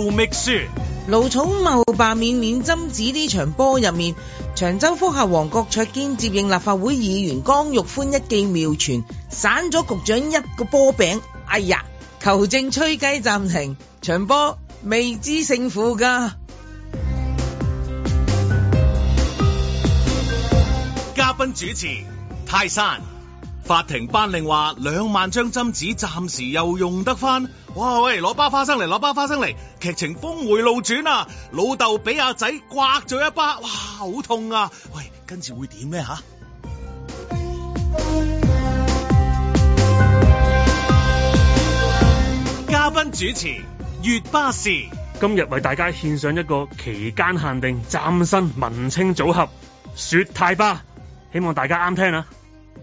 勞覓書，盧寵茂罷免免針紙呢場波入面，長洲覆核王郭卓堅接應立法會議員江玉歡一記妙傳，散咗局長一個波餅，哎呀，球證吹雞暫停，場波未知勝負噶。嘉賓主持泰山。法庭頒令話，兩萬張針紙暫時又用得翻。哇喂，攞包花生嚟，攞包花生嚟！劇情峰回路轉啊，老豆俾阿仔刮咗一巴，哇，好痛啊！喂，跟住會點呢？吓？ 嘉賓主持粵巴士，今日為大家獻上一個期間限定嶄新文青組合雪太巴，希望大家啱聽啊。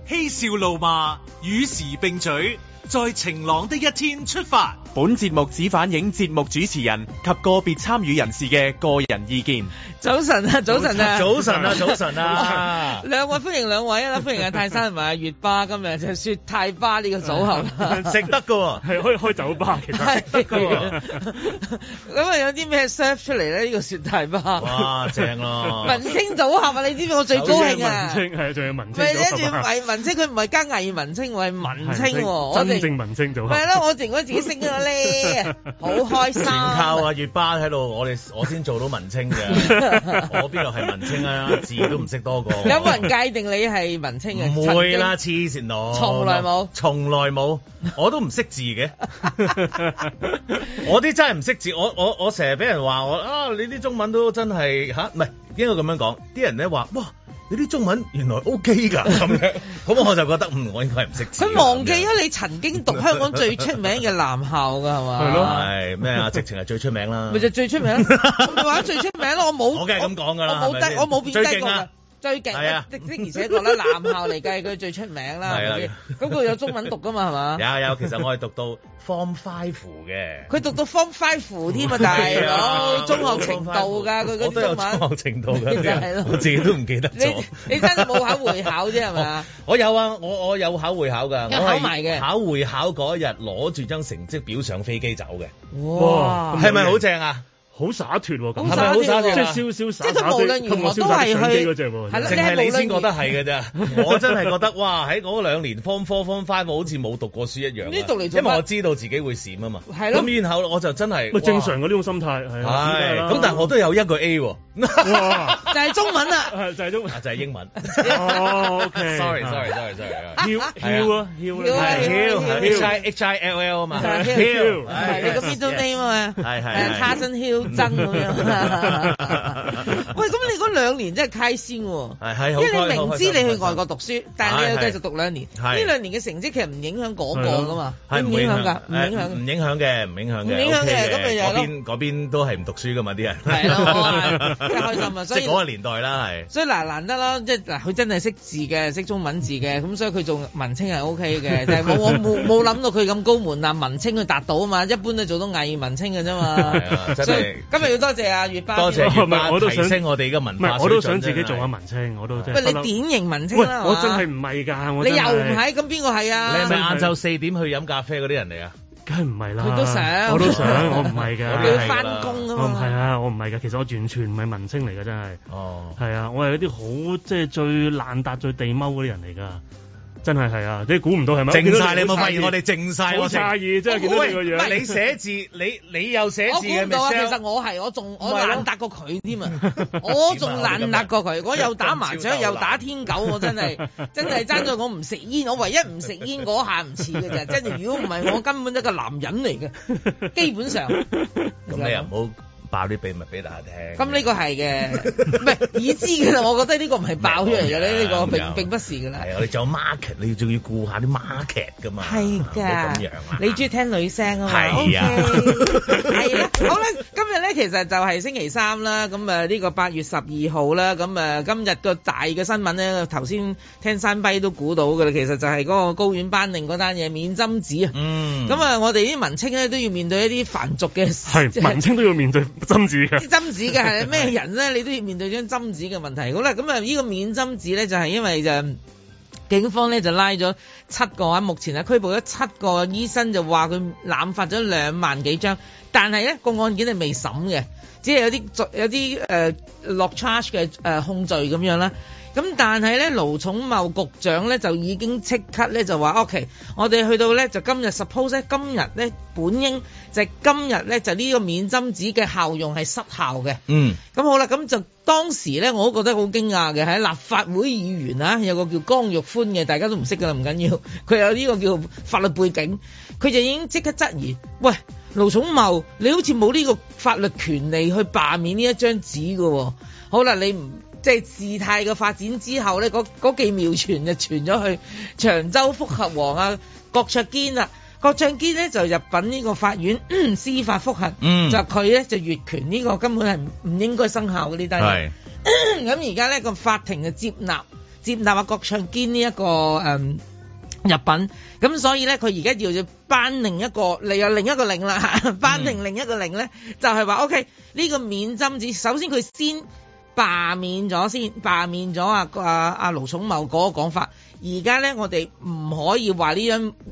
嬉笑怒罵，與時並舉。在晴朗的一天出發。本節目只反映節目主持人及個別參與人士嘅個人意見。早晨啊，早晨啊，早晨啊，早晨啊！兩位歡迎兩位啦，歡迎阿泰山同埋阿月巴，今日就雪泰巴呢個組合食得噶，係可以開酒吧其實。咁啊，有啲咩 serve 出嚟咧？呢個雪泰巴。哇，正咯！文青組合啊，你知唔知我最高興啊？文青係仲有文青。咪諗住魏文青，佢唔係加藝文青，係文青。我升文青做啊！係咯，我淨係覺得自己升咗咧，好 開心。全靠阿、啊、月巴喺度，我哋我先做到文青嘅。 我邊度係文青啊？字都唔識多個。有冇人界定你係文青啊？唔會啦，黐線佬！從來冇，從來冇，我都唔識字嘅。 我啲真係唔識字，我我我成日俾人話我啊，你啲中文都真係吓？唔、啊、係應該咁樣講。啲人咧話哇。你啲中文原來 O.K. 㗎，咁樣，咁我就覺得嗯，我應該係唔識字。佢忘記咗你曾經讀香港最出名嘅男校㗎係嘛？係咯，係咩啊？直情係最出名啦。咪就最出名，咪話最出名咯。我冇，我係咁講㗎啦。我冇低，我冇變低過。最勁，啊，的而且覺得男校嚟計，佢最出名啦。咁佢有中文讀噶嘛？係嘛？有有，其實我係讀到 Form Five 嘅。佢讀到 Form Five 添啊，大佬，中學程度噶佢嗰啲中文。中學程度嘅，係咯，我自己都唔記得。你真係冇考會考啫，係咪啊？我有啊，我我有考會考㗎，考埋嘅。考會考嗰日攞住張成績表上飛機走嘅。哇！係咪好正啊？好灑脱喎，係咪好灑脱啊？即係都無論如何都係去，係咯？淨係你先覺得係嘅啫。我真係覺得哇！喺嗰兩年 Form Four Form Five 好似冇讀過書一樣，因為我知道自己會閃啊嘛。係咯。咁然後我就真係，咪正常嘅呢種心態係。係。咁但係我都有一個 A，就係中文啦，就係中文，就係英文。哦，OK，sorry，sorry，sorry，sorry。Hill，Hill 咯，係，Hill，H I H I L L 啊嘛。Hill 你個 middle name 啊？係係，係。爭咁樣，喂，咁你嗰兩年真係啓先喎，因為你明知你去外國讀書，但係你要繼續讀兩年，呢兩年嘅成績其實唔影響嗰個噶嘛？係唔影響㗎，唔影響，唔影響嘅，唔影響嘅，唔影響嘅，咁咪又係邊邊都係唔讀書噶嘛啲人。係咯，開心啊，所以嗰個年代啦係。所以嗱難得啦，即係嗱佢真係識字嘅，識中文字嘅，咁所以佢做文青係 OK 嘅，但係冇我冇冇諗到佢咁高門啊，文青佢達到啊嘛，一般都做到偽文青㗎啫嘛。今日要多謝阿月包，多謝月包提升我哋嘅文化水準，我都想自己做下文青，我都真係。喂，你典型文青啦，我真係唔係㗎，你又唔係，咁邊個係啊？你係咪晏晝四點去飲咖啡嗰啲人嚟啊？梗係唔係啦？我都想，我都想，我唔係㗎。我哋要翻工啊嘛。係啊，我唔係㗎。其實我完全唔係文青嚟㗎，真係。哦。係啊，我係一啲好即係最爛達最地踎嗰啲人嚟㗎。真係係啊！你估唔到係咪？靜晒！你冇發現我哋靜晒？我差意真係幾多樣嘢。唔你寫字，你你又寫字。我估唔到啊，其實我係我仲我懶得過佢添啊！我仲懶得過佢。我又打麻雀，又打天九，我真係真係爭咗我唔食煙。我唯一唔食煙嗰下唔似㗎啫。真係如果唔係我根本一個男人嚟嘅，基本上。咁你又冇？爆啲秘密俾大家聽是是 。咁呢個係嘅，唔係已知嘅。我覺得呢個唔係爆出嚟嘅咧，呢、呢個並並不是嘅啦。係，你仲有 market，你仲要顧下啲 market 噶嘛？係㗎的，你中意、啊、聽女聲啊嘛？係啊，係啦。好啦，今日咧其實就係星期三啦，咁啊，呢個十月十二號啦，咁啊，今日個大嘅新聞咧，頭先聽山跛都估到嘅啦。其實就係嗰個高院頒令嗰單嘢免針紙啊。嗯。咁啊，我哋啲文青咧都要面對一啲凡俗嘅事。是就是、文青都要面對。針紙嘅，針紙嘅係咩人咧？你都要面對張針紙嘅問題。好啦，咁啊，呢個免針紙咧，就係因為就警方咧就拉咗七個啊，目前係拘捕咗七個醫生，就話佢濫發咗兩萬幾張，但係咧個案件係未審嘅，只係有啲有啲誒、呃、落 charge 嘅誒、呃、控罪咁樣啦。咁但係咧，盧寵茂局長咧就已經即刻咧就話，O K，我哋去到咧就今日，suppose 呢，今日咧本應就今日咧就呢個免針紙嘅效用係失效嘅。嗯。咁好啦，咁就當時咧我覺得好驚訝嘅，喺立法會議員啊，有個叫江玉歡嘅，大家都唔識㗎啦，唔緊要，佢有呢個叫法律背景，佢就已經即刻質疑，喂，盧寵茂，你好似冇呢個法律權利去罷免呢一張紙喎，哦。」好啦，你唔。即係事態嘅發展之後咧，嗰嗰幾苗傳就傳咗去長洲覆核王啊，郭卓堅啦、啊，郭卓堅咧就是、入稟呢個法院 司法覆核，嗯、就佢咧就越權呢個根本係唔應該生效嘅、啊。是嗯、現在呢單。係。咁而家咧個法庭嘅接納，接納話、啊、郭卓堅呢、這、一個誒、嗯、入稟，咁所以咧佢而家要要頒另一個，嚟又 另一個令啦，頒定另一個令咧就係話 O K，呢個免針紙首先佢先。罷免咗先，罷免咗阿阿阿盧寵茂嗰個講法，而家咧我哋唔可以話呢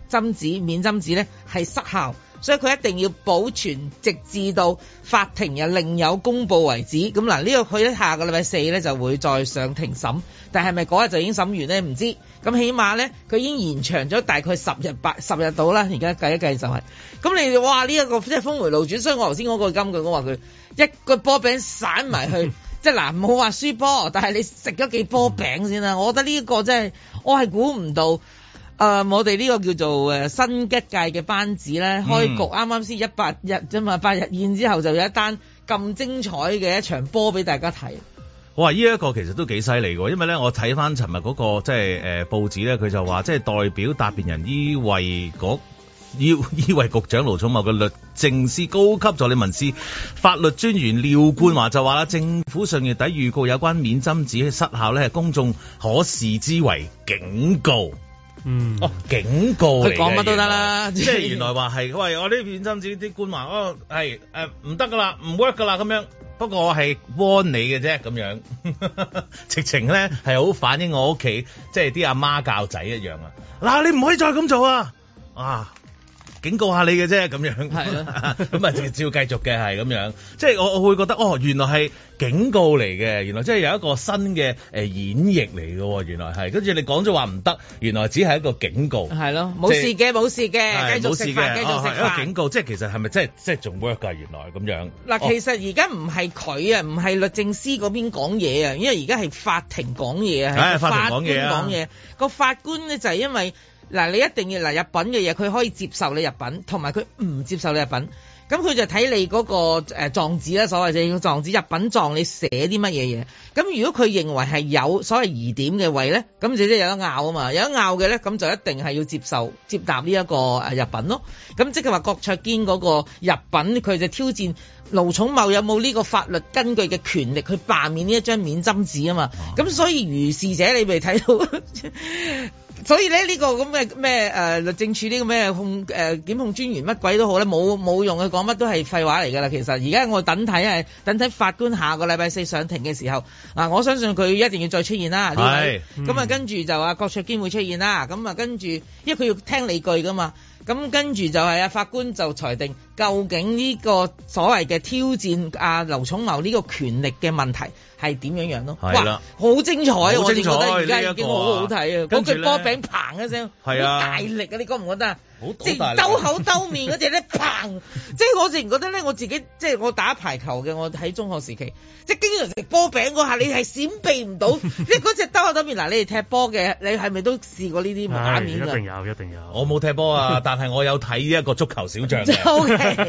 張針紙免針紙咧係失效，所以佢一定要保存，直至到法庭又另有公布為止。咁嗱，這個、呢個佢喺下個禮拜四咧就會再上庭審，但係咪嗰日就已經審完咧？唔知。咁起碼咧，佢已經延長咗大概十日八十日到啦。而家計一計就係、是，咁你哇呢一、這個即係峰回路轉，所以我頭先嗰個金句我話佢一個波餅散埋去。 即係嗱，唔好話輸波，但係你食咗幾波餅先啦。嗯、我覺得呢個真係，我係估唔到，誒、呃，我哋呢個叫做誒，新一屆嘅班子咧，開局啱啱先一百日啫嘛，百、嗯、日宴之後就有一單咁精彩嘅一場波俾大家睇。話呢一個其實都幾犀利嘅，因為咧我睇翻尋日嗰個即係誒報紙咧，佢就話即係代表答辯人呢位嗰。以依位局長盧寵茂嘅律政司高級助理民事法律專員廖冠華就話啦：政府上月底預告有關免針紙失效咧，公眾可視之為警告。嗯，哦，警告嚟嘅。佢講乜都得啦，即係原來話係 喂，我啲免針紙啲冠華，哦係唔得㗎啦，唔、呃、work 㗎啦咁樣。不過我係 warn 你嘅啫，咁樣 直情咧係好反映我屋企即係啲阿媽教仔一樣啊！嗱，你唔可以再咁做啊！啊！警告下你嘅啫，咁樣，係咯，咁啊照繼續嘅，係咁樣，即係我我會覺得，哦，原來係警告嚟嘅，原來即係有一個新嘅演繹嚟嘅，原來係，跟住你講咗話唔得，原來只係一個警告，係咯，冇事嘅，冇事嘅，冇事嘅，繼續繼續食飯，繼續食飯。一個警告，即係其實係咪真係仲 work 㗎？原來咁樣。嗱，其實而家唔係佢啊，唔係律政司嗰邊講嘢啊，因為而家係法庭講嘢啊，法庭講嘢，個法官咧就係因為。嗱，你一定要嚟入品嘅嘢，佢可以接受你入品，同埋佢唔接受你入品，咁佢就睇你嗰個誒狀紙啦，所謂就要狀紙入品狀，你寫啲乜嘢嘢？咁如果佢認為係有所謂疑點嘅位咧，咁即係有得拗啊嘛，有得拗嘅咧，咁就一定係要接受接納呢一個誒入品咯。咁即係話郭卓堅嗰個入品，佢就挑戰盧寵茂有冇呢個法律根據嘅權力去罷免呢一張免針紙啊嘛。咁所以如是者，你未睇到。 所以咧呢、這個咁嘅咩誒，律政處呢個咩控誒，檢控專員乜鬼都好咧，冇冇用嘅，佢講乜都係廢話嚟噶啦。其實而家我等睇係，等睇法官下個禮拜四上庭嘅時候，啊，我相信佢一定要再出現啦。係是，咁啊跟住就話郭卓堅會出現啦。咁啊跟住，因為佢要聽理據噶嘛。咁跟住就係啊，法官就裁定究竟呢個所謂嘅挑戰啊，劉寵茂呢個權力嘅問題係點樣樣咯？的哇，好精彩，精彩好啊！我哋覺得而家已經好好睇啊！嗰句波餅嘭一聲，係啊、呃，大力啊！的你覺唔覺得啊？即係兜口兜面嗰隻咧，砰！即係我自然覺得咧，我自己即係我打排球嘅，我喺中學時期即係經常食波餅嗰下，你係閃避唔到，即係嗰隻兜口兜面。嗱，你哋踢波嘅，你係咪都試過呢啲打面㗎？係一定有，一定有。我冇踢波啊，但係我有睇一個足球小將。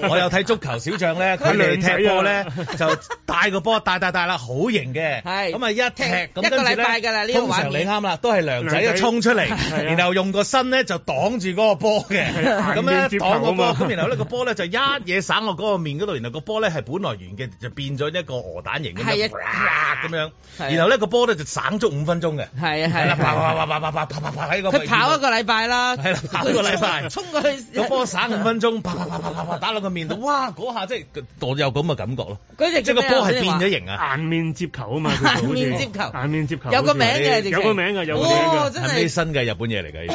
我有睇足球小將咧，佢哋踢波咧就帶個波，帶帶帶啦，好型嘅。咁啊，一踢，一個禮拜㗎啦。呢個話你啱啦，都係梁仔一衝出嚟，然後用個身咧就擋住嗰個波嘅。咁咧擋個波，咁然後呢個波咧就一嘢散落嗰個面嗰度，然後個波咧係本來圓嘅，就變咗一個鵝蛋形咁樣，咁樣。然後呢個波咧就省足五分鐘嘅。係啊係啦，啪啪啪啪喺個。佢跑一個禮拜啦，係啦，跑一個禮拜，衝過去個波散五分鐘，啪啪啪啪打落個面度，哇！嗰下真係我有咁嘅感覺咯。只即係個波係變咗形啊！硬面接球啊嘛，硬面接球，硬面接球有個名嘅，有個名嘅，有個名係咩新嘅日本嘢嚟嘅。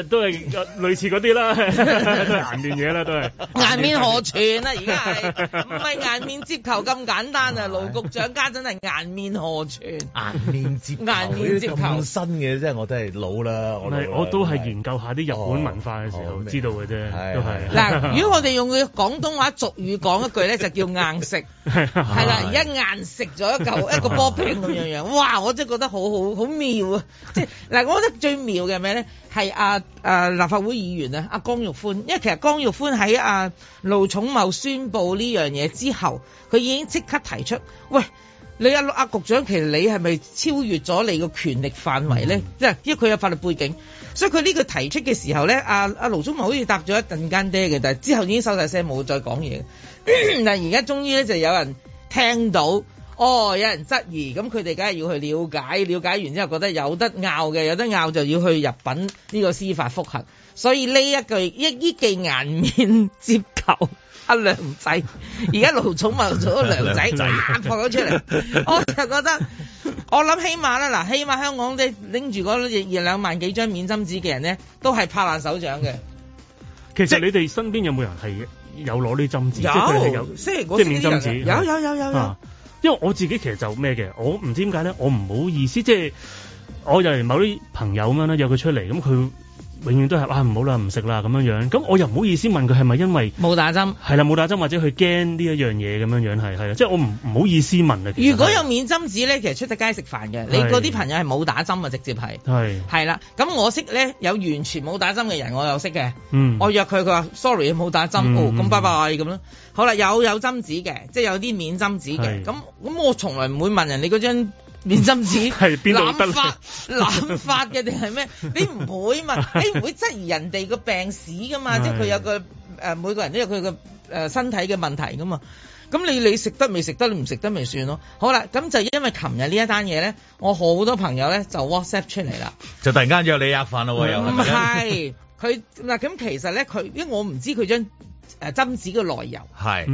誒，都係類似嗰啲啦。顏 面嘢啦，都係顏面何存啦，而家係唔係顏面接球咁簡單啊？盧不局長家真係顏面何存？顏面接顏面接球咁新嘅真係，我都係老啦。我都係研究下啲日本文化嘅時候、哦、知道嘅啫。嗱、啊，都是如果我哋用廣東話俗語講一句咧，就叫硬食，係啦是是、啊。而家硬食咗一嚿一個波餅咁樣樣，哇！我真係覺得好好好妙啊！即係嗱，我覺得最妙嘅係咩咧？係阿阿立法會議員啊，阿、啊、江玉歡，因為其實江玉歡喺阿、啊、盧寵茂宣布呢樣嘢之後，佢已經即刻提出，喂，你阿、啊、阿局長，其實你係咪超越咗你個權力範圍咧？即係、嗯、因為佢有法律背景，所以佢呢個提出嘅時候咧，阿、啊、阿盧寵茂好似答咗一陣間爹嘅，但係之後已經收晒聲，冇再講嘢。但，而 家 終於咧就有人聽到。哦，有人質疑，咁佢哋梗係要去了解，了解完之後覺得有得拗嘅，有得拗就要去入稟呢個司法覆核。所以呢一句一記顏面接球，阿梁仔而家盧寵茂咗梁仔仔破咗出嚟，我就覺得我諗起碼啦，嗱，起碼香港啲拎住嗰二兩萬幾張免針紙嘅人咧，都係拍爛手掌嘅。其實你哋身邊有冇人係有攞呢有針紙？有，即係免針紙。有有有有。啊。因為我自己其實就咩嘅，我唔知點解咧，我唔好意思，即係我由某啲朋友咁樣啦約佢出嚟，咁佢。永遠都係啊，唔好啦，唔食啦，咁樣樣，咁我又唔好意思問佢係咪因為冇打針，係啦，冇打針或者佢驚呢一樣嘢咁樣樣係係，即係我唔唔好意思問啊。如果有免針紙咧，其實出得街食飯嘅，的你嗰啲朋友係冇打針啊？直接係係係啦。咁的我識咧有完全冇打針嘅人，我又識嘅。嗯，我約佢佢話 sorry 冇打針，咁、嗯哦、拜拜 e 咁咯。好啦，有有針紙嘅，即係有啲免針紙嘅。咁咁的我從來唔會問人的你嗰張。面針屎，攬 發攬發嘅定係咩？你唔會問，你唔、 欸、會質疑人哋個病史噶嘛？ 即係佢有個誒、呃，每個人都有佢嘅誒身體嘅問題噶嘛？咁你你食得未食得？你唔食得咪算咯。好啦，咁就因為琴日呢一單嘢咧，我好多朋友咧就 WhatsApp 出嚟啦，就突然間約你食飯咯，又唔係佢嗱咁其實咧，佢因為我唔知佢將。誒針紙嘅來由，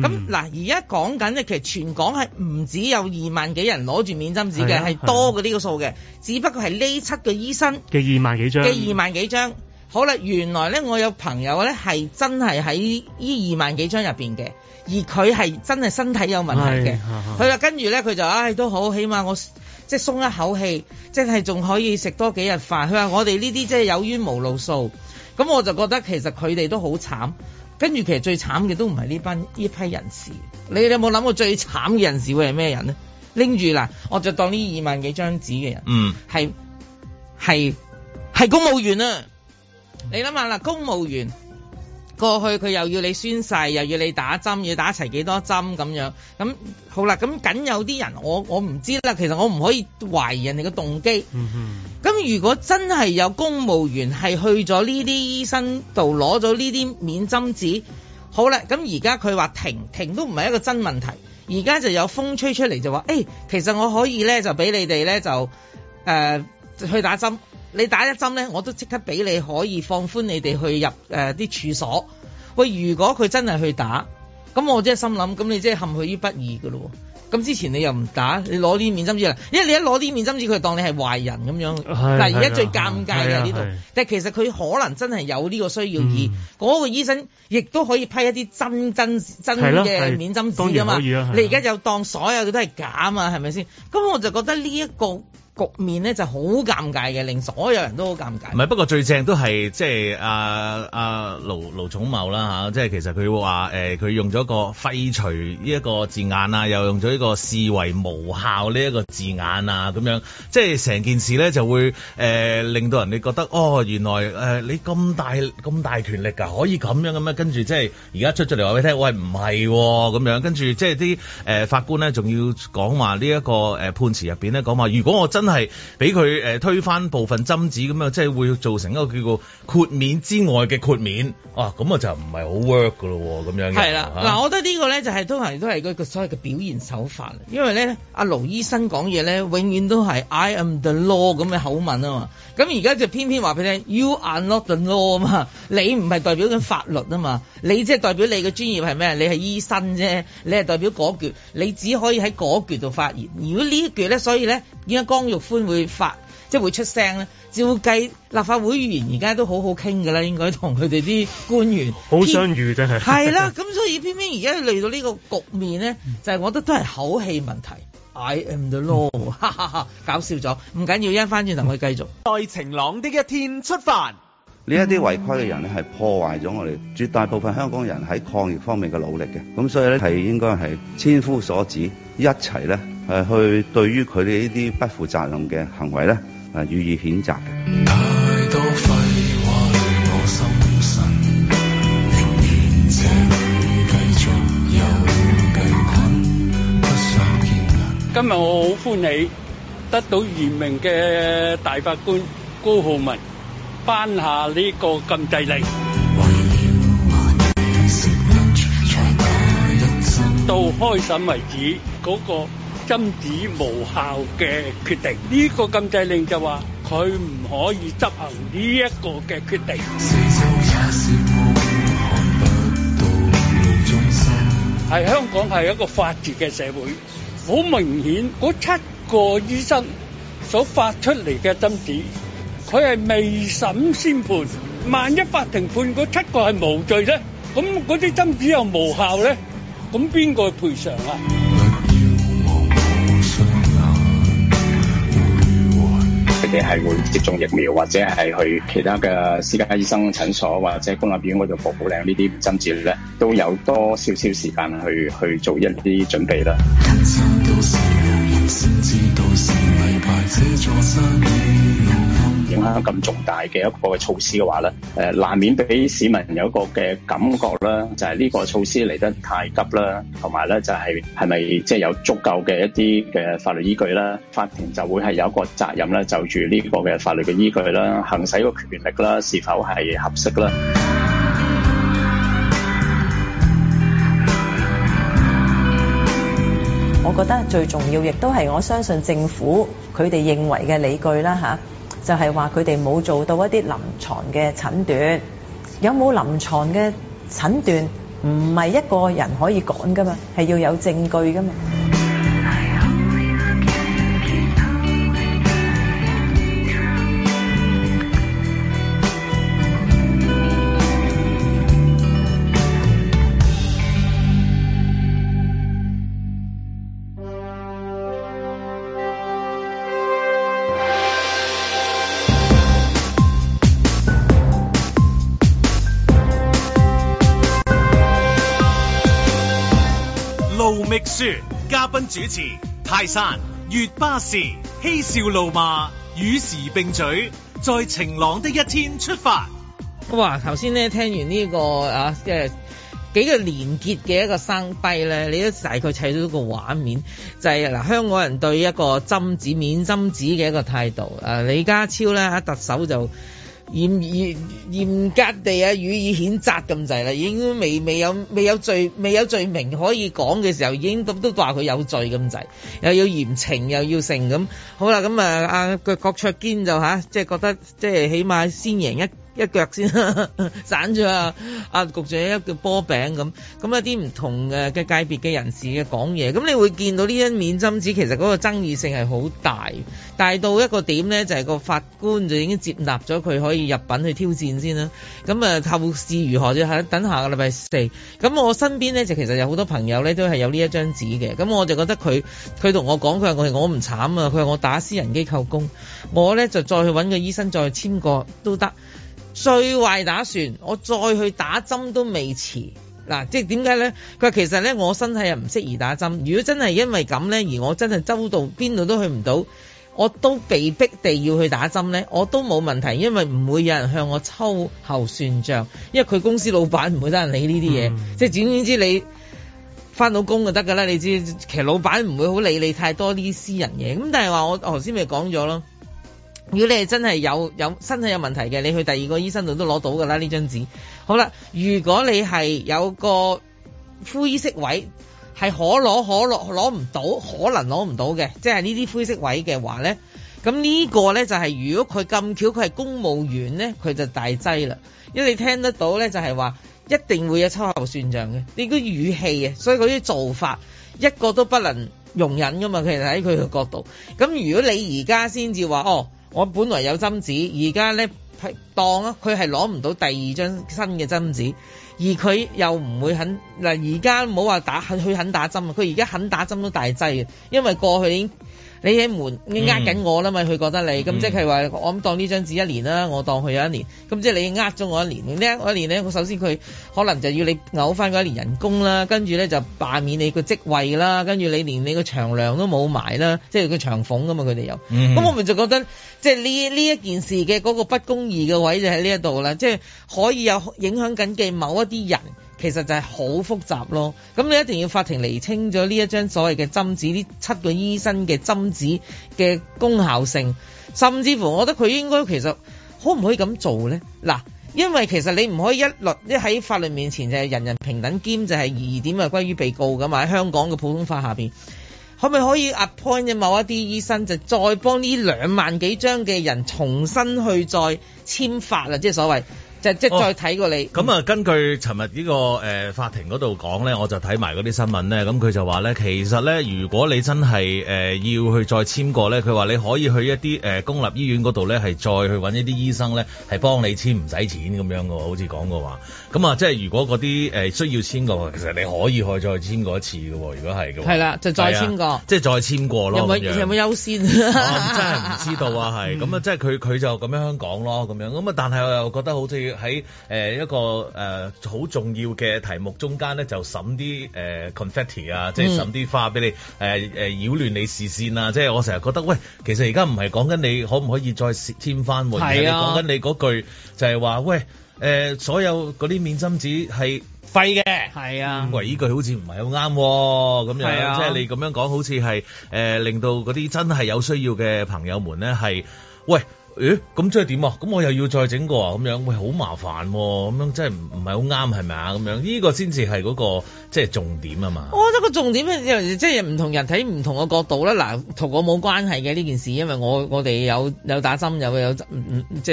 咁嗱是，而家講緊咧，其實全港係唔止有二萬幾人攞住免針紙嘅，係、啊、多過呢個數嘅。啊、只不過係呢七個醫生嘅二萬幾張嘅二萬幾張。好啦，原來咧，我有朋友咧係真係喺呢二萬幾張入面嘅，而佢係真係身體有問題嘅。佢啦跟住咧，佢、啊、就唉、哎、都好，起碼我即係鬆一口氣，即係仲可以食多幾日飯。佢話我哋呢啲即係有冤無路訴，咁我就覺得其實佢哋都好慘。跟住其實最慘嘅都唔係呢班呢批人士，你有冇諗過最慘嘅人士會係咩人咧？拎住嗱，我就當呢二萬幾張紙嘅人，嗯，係係係公務員啊！你諗下啦，公務員。過去佢又要你宣誓，又要你打針，要打齊幾多針咁樣，咁好啦，咁梗有啲人，我我唔知啦，其實我唔可以懷疑人哋嘅動機。咁、嗯、哼如果真係有公務員係去咗呢啲醫生度攞咗呢啲免針紙，好啦，咁而家佢話停停都唔係一個真問題，而家就有風吹出嚟就話，誒、欸、其實我可以呢，就俾你哋呢，就誒、呃、去打針。你打一針咧，我都即刻俾你，可以放寬你哋去入啲、呃、處所。喂，如果佢真係去打，咁我即係心諗，咁你即係陷佢於不義㗎咯。咁之前你又唔打，你攞啲免針紙嚟，因為你一攞啲免針紙，佢就當你係壞人咁樣。係的。嗱，而家最尷尬嘅呢度，但其實佢可能真係有呢個需要而嗰、嗯、個醫生亦都可以批一啲真真真嘅免針紙啊嘛。你而家就當所有嘅都係假啊嘛，係咪先？咁的我就覺得呢、這、一個。局面咧就好尷尬嘅，令所有人都好尷尬。唔係，不過最正都係即係阿阿盧盧寵茂啦，即係其實佢話誒，佢、呃、用咗個廢除呢一個字眼啊，又用咗呢個視為無效呢一個字眼啊，咁樣即係成件事咧就會誒、呃、令到人哋覺得哦，原來誒、呃、你咁大咁大權力噶、啊，可以咁樣咁啊，跟住即係而家出出嚟話俾你聽，喂，唔係咁樣，跟住即係啲誒法官咧，仲要講話呢、這、一個誒、呃、判詞入面咧講話，如果我真真係俾佢誒推翻部分針子咁樣，即係會造成一個叫做豁免之外嘅豁免啊。咁啊就唔係好 work 噶咯咁樣。係啦，嗱，我覺得呢個咧就係、是、都係都係嗰個所謂嘅表現手法，因為咧阿盧醫生講嘢咧，永遠都係 I am the law 咁嘅口吻啊嘛。咁而家就偏偏話俾你聽 y o u are not the law 啊嘛，你唔係代表緊法律啊嘛，你即係代表你嘅專業係咩？你係醫生啫，你係代表嗰橛，你只可以喺嗰橛度發言。如果呢一橛咧，所以咧點解，江歡會發即係會出聲咧，照計立法會議員而家都好好傾噶啦，應該同佢哋啲官員好相遇真係係啦，咁所以偏偏而家嚟到呢個局面咧，嗯、就係我覺得都係口氣問題、嗯、，I am the law，哈哈哈， 搞笑咗，唔緊要，一翻轉頭去繼續在晴朗的一天出發。呢一啲違規嘅人咧，係破壞咗我哋絕大部分香港人喺抗疫方面嘅努力嘅，咁所以咧係應該係千夫所指，一齊咧。誒去對於佢哋呢啲不負責任嘅行為咧，誒予以譴責。今日我好歡喜得到嚴明嘅大法官高浩文頒下呢個禁制令，到開審為止嗰，那個。針紙無效嘅決定，呢個禁制令就話佢唔可以執行呢一個嘅決定。係香港係一個法治嘅社會，好明顯嗰七個醫生所發出嚟嘅針紙，佢係未審先判。萬一法庭判嗰七個係無罪咧，咁嗰啲針紙又無效咧，咁邊個賠償啊？你係會接種疫苗，或者係去其他嘅私家醫生診所，或者公立醫院嗰度做保養呢啲針治療咧，都有多少少時間去去做一啲準備啦。咁重大嘅一個措施嘅話咧，誒難免俾市民有一個嘅感覺啦，就係呢個措施嚟得太急啦，同埋咧就係係咪即係有足夠嘅一啲嘅法律依據啦？法庭就會係有一個責任咧，就住呢個嘅法律嘅依據啦，行使個權力啦，是否係合適啦？我覺得最重要，亦都係我相信政府佢哋認為嘅理據啦，嚇。就係話，佢哋冇做到一啲臨床嘅診斷。有冇臨床嘅診斷？唔係一個人可以講噶嘛，係要有證據噶嘛。主持泰山月巴士，嬉笑怒罵與時並舉，在晴朗的一天出發。哇！頭先咧聽完呢、這個啊，即係幾個連結嘅一個生低咧，你都大概砌到一個畫面，就係嗱，香港人對一個針紙免針紙嘅一個態度。誒、啊，李家超咧，阿特首就。嚴嚴嚴格地啊，予以譴責咁滯啦，已經未未有未有罪未有罪名可以講嘅時候，已經都都話佢有罪咁滯，又要嚴懲又要成咁，好啦，咁啊啊，郭郭卓堅就吓，啊，即係覺得即係起碼先贏一。一腳先， 散咗阿阿焗住一個波餅咁咁。一啲唔同嘅嘅界別嘅人士嘅講嘢，咁你會見到呢張免針紙，其實嗰個爭議性係好大，大到一個點咧，就係、是、個法官就已經接納咗佢可以入品去挑戰先啦。咁啊，後事如何就係等下個禮拜四。咁我身邊咧就其實有好多朋友咧都係有呢一張紙嘅。咁我就覺得佢，佢同我講，佢話我係我唔慘啊，佢話我打私人機構工，我咧就再去揾個醫生再簽個都得。最壞打算，我再去打針都未遲。嗱、啊，即係點解呢？佢話其實呢，我身體又唔適宜打針。如果真係因為咁呢，而我真係周到邊度都去唔到，我都被逼地要去打針呢，我都冇問題，因為唔會有人向我秋後算賬，因為佢公司老闆唔會得人理呢啲嘢。嗯、即係簡言之，你翻到工就得噶啦。你知道其實老闆唔會好理你太多啲私人嘢。咁但係話我頭先咪講咗咯。如果你係真係有有身體有問題嘅，你去第二個醫生度都攞到噶啦呢張紙。好啦，如果你係有個灰色位係可攞可攞攞唔到，可能攞唔到嘅，即係呢啲灰色位嘅話呢，咁呢個呢、就是，就係如果佢咁巧佢係公務員呢，佢就大劑啦。因為你聽得到呢，就係話一定會有秋後算賬嘅，呢、這、啲、個、語氣嘅，所以嗰啲做法一個都不能容忍噶嘛。其實喺佢嘅角度，咁如果你而家先至話哦。我本來有針紙，而家咧當啊，佢係攞唔到第二張新嘅針紙，而佢又唔會肯嗱，而家唔好話打佢肯打針啊，佢而家肯打針都大劑嘅，因為過去已經。你喺門你呃緊我啦嘛，佢、嗯、覺得你咁即係話我諗當呢張紙一年啦，我當佢有一年咁即係你呃咗我一年呢一年咧，我首先佢可能就要你嘔返嗰一年人工啦，跟住咧就罷免你個職位啦，跟住你連你個長糧都冇埋啦，即係個長俸噶嘛佢哋有，咁、嗯、我咪就覺得即係呢呢一件事嘅嗰個不公義嘅位就喺呢一度啦，即係可以有影響緊嘅某一啲人。其實就係好複雜咯，咁你一定要法庭釐清咗呢一張所謂嘅針紙，呢七個醫生嘅針紙嘅功效性，甚至乎我覺得佢應該其實可唔可以咁做呢？嗱，因為其實你唔可以一律一喺法律面前就係人人平等兼就係疑點歸於被告㗎嘛，喺香港嘅普通法下邊，可唔可以 appoint 某一啲醫生就再幫呢兩萬幾張嘅人重新去再簽發啦，即係所謂。即係再睇過你。咁、哦、啊，根據尋日呢個誒、呃、法庭嗰度講咧，我就睇埋嗰啲新聞咧。咁、嗯、佢就話咧，其實咧，如果你真係誒、呃、要去再簽過咧，佢話你可以去一啲誒、呃、公立醫院嗰度咧，係再去搵一啲醫生咧，係幫你簽唔使錢咁樣嘅，好似講過話。咁啊，即係如果嗰啲誒需要簽過，其實你可以去再簽過一次嘅喎、哦。如果係嘅話，係啦、啊，就再簽過，啊、即係再簽過咯。有冇有，有，有優先？ 我真係唔知道啊，係咁啊，即係佢佢就咁樣講咯，咁樣咁啊，但係我又覺得好似。喺誒、呃、一個誒好、呃、重要嘅題目中間咧，就審啲誒、呃、confetti 啊，即係審啲花俾你誒誒、嗯呃、擾亂你視線啊！即係我成日覺得，喂，其實而家唔係講緊你可唔可以再添翻喎是、啊、而係講緊你嗰句就係話，喂誒、呃、所有嗰啲免針紙係廢嘅，係是啊、嗯，喂依句好似唔係好啱咁樣，即係你咁樣講好似係令到嗰啲真係有需要嘅朋友們咧係喂。咦，咁即係點？咁我又要再整過啊？咁樣，喂，好麻煩喎、啊！咁樣真係唔唔係好啱，係咪啊？咁樣呢、呢個先至係嗰個即係重點啊嘛！我覺得個重點即係唔同人睇唔同嘅角度啦。嗱，同我冇關係嘅呢件事，因為我我哋有有打針，有有即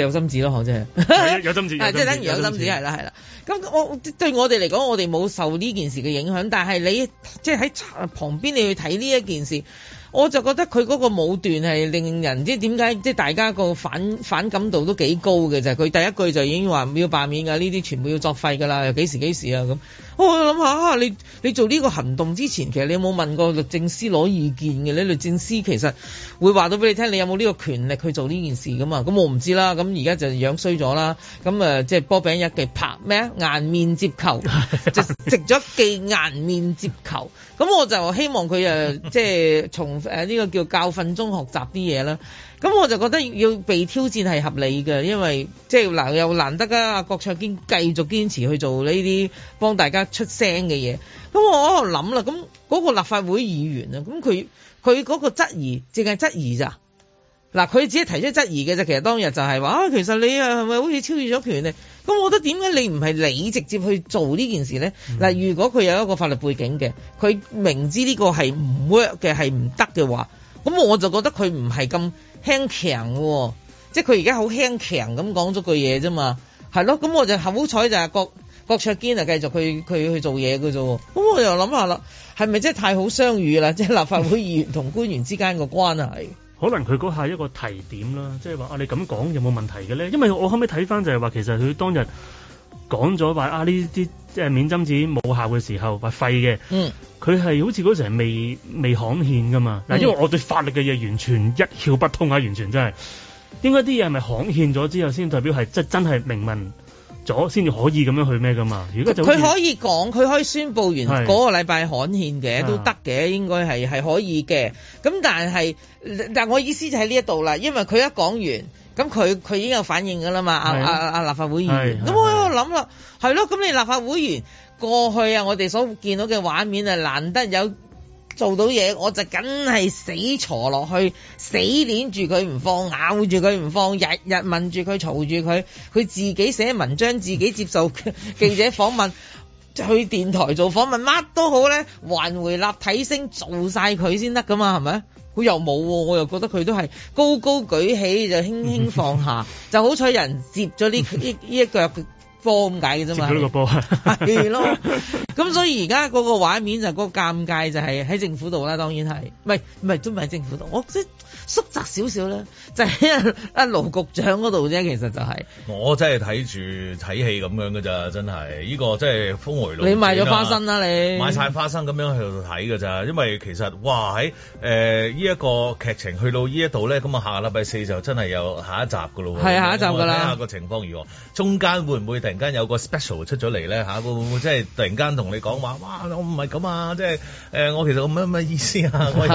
係有針紙咯，可真係有針紙，即係、 就是、等於有針紙係啦，係啦。咁我對我哋嚟講，我哋冇受呢件事嘅影響，但係你即係喺旁邊你去睇呢一件事。我就覺得佢嗰個武斷係令人即係點解即係大家個反反感度都幾高嘅就係、是、佢第一句就已經話唔要罷免㗎，呢啲全部要作廢㗎啦，又幾時幾時啊咁。我諗下，你你做呢個行動之前，其實你有冇問過律政司攞意見嘅？你律政司其實會話到俾你聽，你有冇呢個權力去做呢件事噶嘛？咁我唔知啦。咁而家就樣衰咗啦。咁誒，即係波餅一記拍咩？顏面接球，食咗記顏面接球。咁我就希望佢誒，即係從誒呢個叫教訓中學習啲嘢啦。咁我就覺得要被挑戰係合理嘅，因為即係嗱又難得啊！郭卓堅繼續堅持去做呢啲幫大家出聲嘅嘢。咁我喺度諗啦，咁嗰個立法會議員啊，咁佢佢嗰個質疑，只質疑，淨係質疑咋？嗱，佢只係提出質疑嘅啫。其實當日就係話啊，其實你係咪好似超越咗權呢？咁我覺得點解你唔係你直接去做呢件事咧？嗱、嗯，如果佢有一個法律背景嘅，佢明知呢個係唔 work 嘅，係唔得嘅話，咁我我就覺得佢唔係咁。輕強喎，即係佢而家好輕強咁講咗句嘢啫嘛，係咯，咁我就好彩就係郭郭卓堅啊，繼續佢佢去做嘢嘅啫，咁我又諗下啦，係咪真係太好相遇啦？即係立法會議員同官員之間嘅關係， 可能佢嗰下一個提點啦，即係話啊，你咁講有冇問題嘅咧？因為我後尾睇翻就係話，其實佢當日，講咗話啊！呢啲即係免針紙冇效嘅時候，話廢嘅。嗯，佢係好似嗰陣未未刊憲噶嘛？嗱、嗯，因為我對法律嘅嘢完全一竅不通啊！完全真係應該啲嘢係咪刊憲咗之後先代表係即係真係明文咗先至可以咁樣去咩噶嘛？如果佢可以講，佢可以宣佈完嗰個禮拜刊憲嘅都得嘅，應該係係可以嘅。咁但係，但我意思就喺呢一度啦，因為佢一講完。咁佢佢已經有反應嘅啦嘛，阿阿阿立法會議員。咁我喺度諗啦，係咯，咁你立法會議員過去啊，我哋所見到嘅畫面啊，難得有做到嘢，我就梗係死嘈落去，死攆住佢唔放，咬住佢唔放，日日問住佢嘈住佢，佢自己寫文章，自己接受記者訪問， 去電台做訪問，乜都好咧，環回立體聲，做晒佢先得噶嘛，係咪？佢又冇喎、哦，我又覺得佢都係高高舉起就輕輕放下， 就好彩人接咗呢呢一腳波咁解嘅啫嘛，接咗個波係 咯，咁所以而家嗰個畫面就嗰個尷尬就係喺政府度啦，當然係，唔係唔係都唔係政府度，我即。縮窄少少咧，就係、是、阿盧局長嗰度啫。其實就係、是、我真係睇住睇戲咁樣㗎。啫，真係呢、這個真係風迴路轉、啊、你買咗花生啦、啊，你買晒花生咁樣去度睇㗎。咋？因為其實哇喺呢一個劇情，去到呢一度咧，咁啊下個禮拜四就真係有下一集㗎咯。係是好下一集㗎啦。睇下個情況如何，中間會唔會突然間有個 special 出咗嚟咧？吓會唔會即係突然間同你講話哇？我唔係咁啊！即係、呃、我其實咁乜乜意思啊？我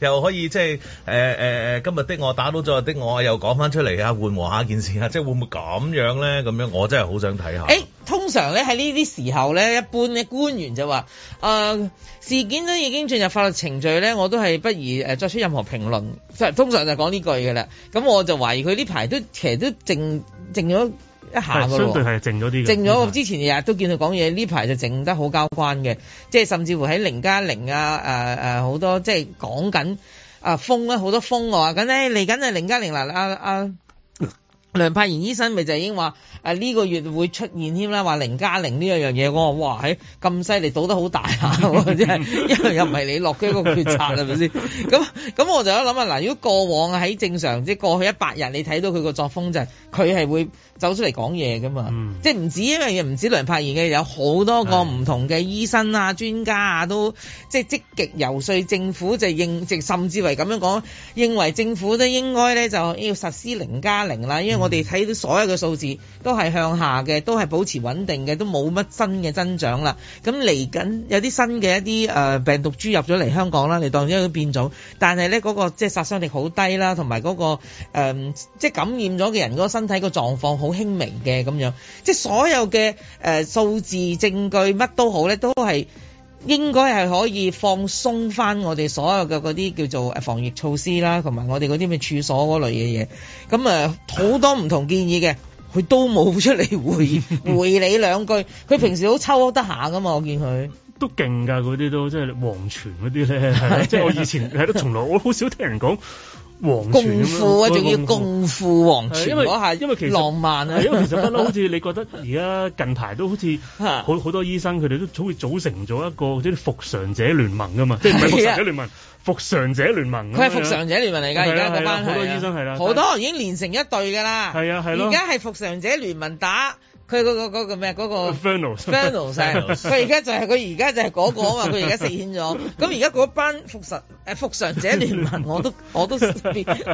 又， 又可以即係、呃呃誒，今日的我打到咗，的我又講翻出嚟啊，緩和下件事啊，即係會唔會咁樣咧？咁樣我真係好想睇下。誒、欸，通常咧喺呢啲時候咧，一般嘅官員就話，誒、呃、事件都已經進入法律程序咧，我都係不宜誒作出任何評論。即係通常就講呢句嘅啦。咁我就懷疑佢呢排都其實都靜靜咗一下噶咯。相對係靜咗啲。靜咗，之前日日都見佢講嘢，呢排就靜得好交關嘅，即係甚至乎喺零加零啊，誒、呃、誒，好、呃、多即係講緊。啊風咧好多風喎，咁咧嚟緊係零加零嗱，啊啊，啊梁柏賢醫生咪就已經話，呢、啊這個月會出現添啦，話零加零呢一樣嘢喎，哇喺咁犀利，賭得好大啊，真係， 因為又唔係你落嘅一個決策係咪先？咁咁 我就一諗啊，嗱如果過往喺正常，即係過去一百日你睇到佢個作風就係佢係會。走出嚟講嘢嘅嘛，嗯、即係唔止，因為唔止梁柏賢嘅，有好多個唔同嘅醫生啊、專家啊，都即係積極遊說政府，就認，就甚至為咁樣講，認為政府都應該咧就要實施零加零啦。因為我哋睇到所有嘅數字都係向下嘅，都係保持穩定嘅，都冇乜新嘅增長啦。咁嚟緊有啲新嘅一啲誒、呃、病毒株入咗嚟香港啦，你當一變種變咗。但係咧嗰個即係殺傷力好低啦，同埋嗰個、呃、即係感染咗嘅人嗰個身體個狀況好。清明嘅咁樣，即係所有嘅誒數字證據乜都好咧，都係應該係可以放鬆翻我哋所有嘅嗰啲叫做防疫措施啦，同埋我哋嗰啲咩處所嗰類嘅嘢。咁啊，呃、好多唔同建議嘅，佢都冇出嚟回 回你兩句。佢平時都抽得下噶嘛，我見佢都勁噶，嗰啲都即係黃泉嗰啲咧，即係 我以前喺度，從來我好少聽人講。皇泉啊，仲要共赴黃泉嗰下，因為浪漫啊！因為其實不嬲，好似你覺得而家近排都好似，好好多醫生佢哋都好似組成咗一個啲復常者聯盟㗎嘛，即係唔係復常者聯盟，復常者聯盟，佢係復常者聯盟嚟㗎，而家班好多醫生係啦，好多已經連成一隊㗎啦，係啊係咯，而家係復常者聯盟打。佢嗰個咩 urn？嗰、就是、個 Fernos 佢而家就係佢而家就係嗰個啊嘛！佢而家實現咗。咁而家嗰班復仇誒復常者聯盟我，我都我都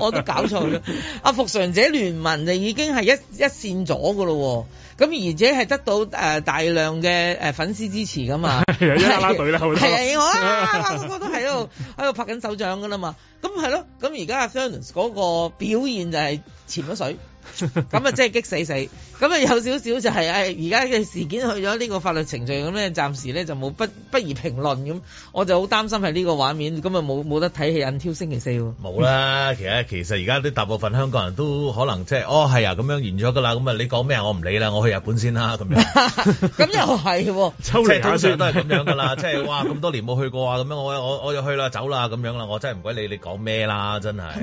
我都搞錯咗。阿復常者聯盟就已經係一一線咗嘅咯喎。咁而且係得到誒、呃、大量嘅誒、呃、粉絲支持噶嘛。係啦啦隊啦，係啊！我啊，個個都喺度喺度拍緊手掌噶啦嘛。咁係咯。咁而家阿 Fernos 嗰個表現就係潛咗水。咁啊， 就即係激死死！咁啊，有少少就係、是、誒，而家嘅事件去咗呢個法律程序咁咧，暫時咧就冇不不宜評論咁。我就好擔心係呢個畫面，咁啊冇冇得睇戲《人、嗯、挑星期四》喎。冇啦，其實其實而家啲大部分香港人都可能即、就、係、是、哦係啊咁樣完咗噶啦，咁啊你講咩我唔理啦，我去日本先啦咁樣咁又係，啊、 即係就算都係咁樣噶 啦，即係哇咁多年冇去過啊咁樣，我我我就去啦走啦咁樣啦，我真係唔鬼理你講咩啦，真係。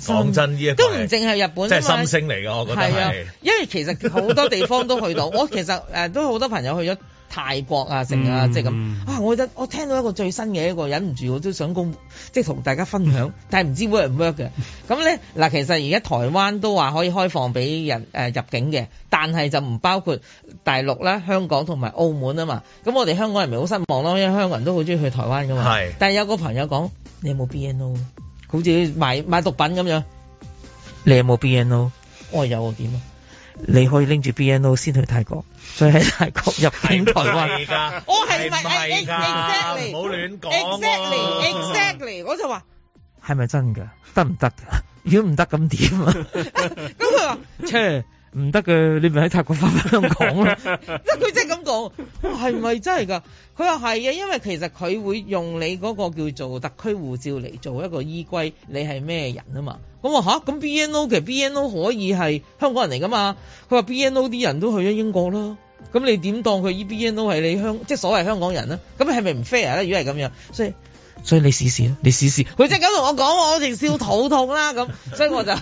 真。講真、呢個、都唔淨係日本即星，即係心聲嚟噶。係啊，因為其實好多地方都去到， 我其實誒、呃、都好多朋友去咗泰國啊，剩啊，嗯、即係咁啊。我覺得我聽到一個最新嘅一個忍唔住我都想講，即係同大家分享，但係唔知 work 唔 work 嘅。咁咧嗱，其實而家台灣都話可以開放俾人誒、呃、入境嘅，但係就唔包括大陸啦、香港同埋澳門啊嘛。咁我哋香港人咪好失望咯，因為香港人都好中意去台灣噶嘛。是 但係有個朋友講，你有冇 B N O？好似買買毒品咁樣，你有冇 B N O？我有啊，點啊？你可以拎住 B N O 先去泰國，再喺泰國入境台灣。我係咪係？Exactly！冇亂講。Exactly，exactly，exactly, 我就話係咪真㗎？得唔得㗎？如果唔得咁點啊？咁佢話切。 唔得嘅，你咪喺泰國翻返香港啦，即係佢即係咁講，係唔係真係㗎？佢話係嘅，因為其實佢會用你嗰個叫做特區護照嚟做一個依歸，你係咩人啊嘛？咁吓？咁、啊、BNO 其實 BNO 可以係香港人嚟㗎嘛？佢話 BNO 啲人都去咗英國咯，咁你點當佢呢 BNO 係你香，即係所謂香港人咧？咁係咪唔 fair 咧、啊？如果係咁樣，所以。所以你試試你試試。佢即係咁同我講，我一定笑肚痛啦咁， 所以我就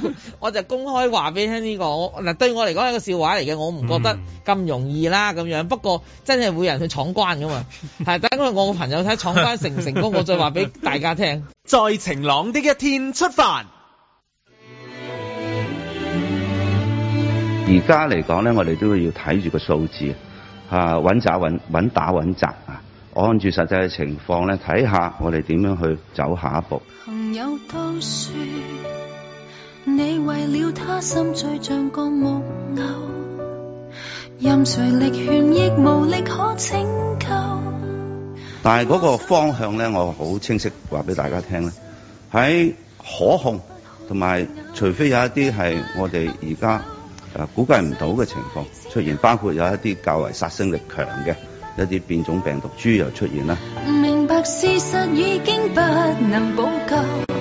我就公開話俾你聽呢個，嗱對我嚟講係個笑話嚟嘅，我唔覺得咁容易啦咁樣。不過真係會有人去闖關噶嘛，係 等我個朋友睇闖關成唔成功， 我再話俾大家聽。在晴朗的一天出發。而家嚟講咧，我哋都要睇住個數字啊，穩打穩穩打穩紮啊！找找按住實際嘅情況咧，睇下我哋點樣去走下一步。朋友都說你為了他心醉，醉，像個木偶，任誰力勸亦無力可拯救。但係嗰個方向咧，我好清晰話俾大家聽咧，喺可控，同埋除非有一啲係我哋而家誒估計唔到嘅情況出現，包括有一啲較為殺傷力強嘅。一啲變種病毒，株又出現啦。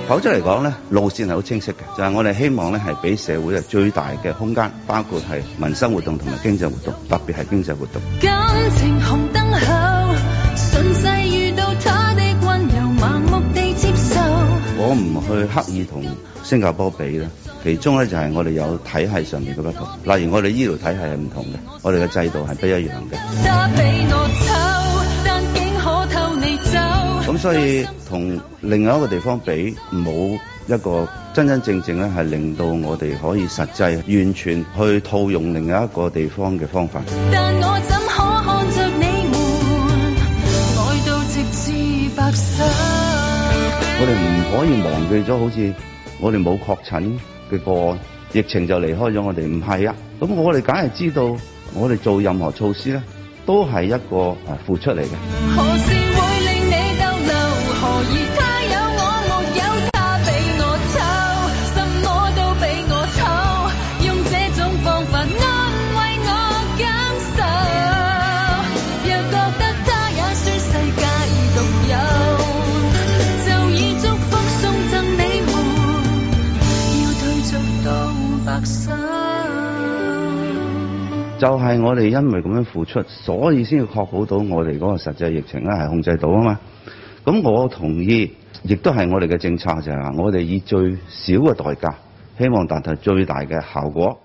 否則嚟講呢，路線係好清晰嘅，就係、是、我哋希望咧係俾社會最大嘅空間，包括係民生活動同埋經濟活動，特別係經濟活動。我唔去刻意同新加坡比啦。其中咧就係我哋有體系上面嘅不同，例如我哋醫療體系係唔同嘅，我哋嘅制度係不一樣嘅。咁所以同另外一個地方比，冇一個真真正正咧係令到我哋可以實際完全去套用另外一個地方嘅方法。我哋唔可以忘記咗，好似我哋冇確診嘅個案，疫情就離開咗我哋，唔係啊，咁我哋梗係知道，我哋做任何措施咧，都係一個誒付出嚟嘅。就係我哋因為咁樣付出，所以先要確保到我哋嗰個實際疫情係控制到啊嘛。咁我同意，亦都係我哋嘅政策就係話，我哋以最少嘅代價，希望達到最大嘅效果。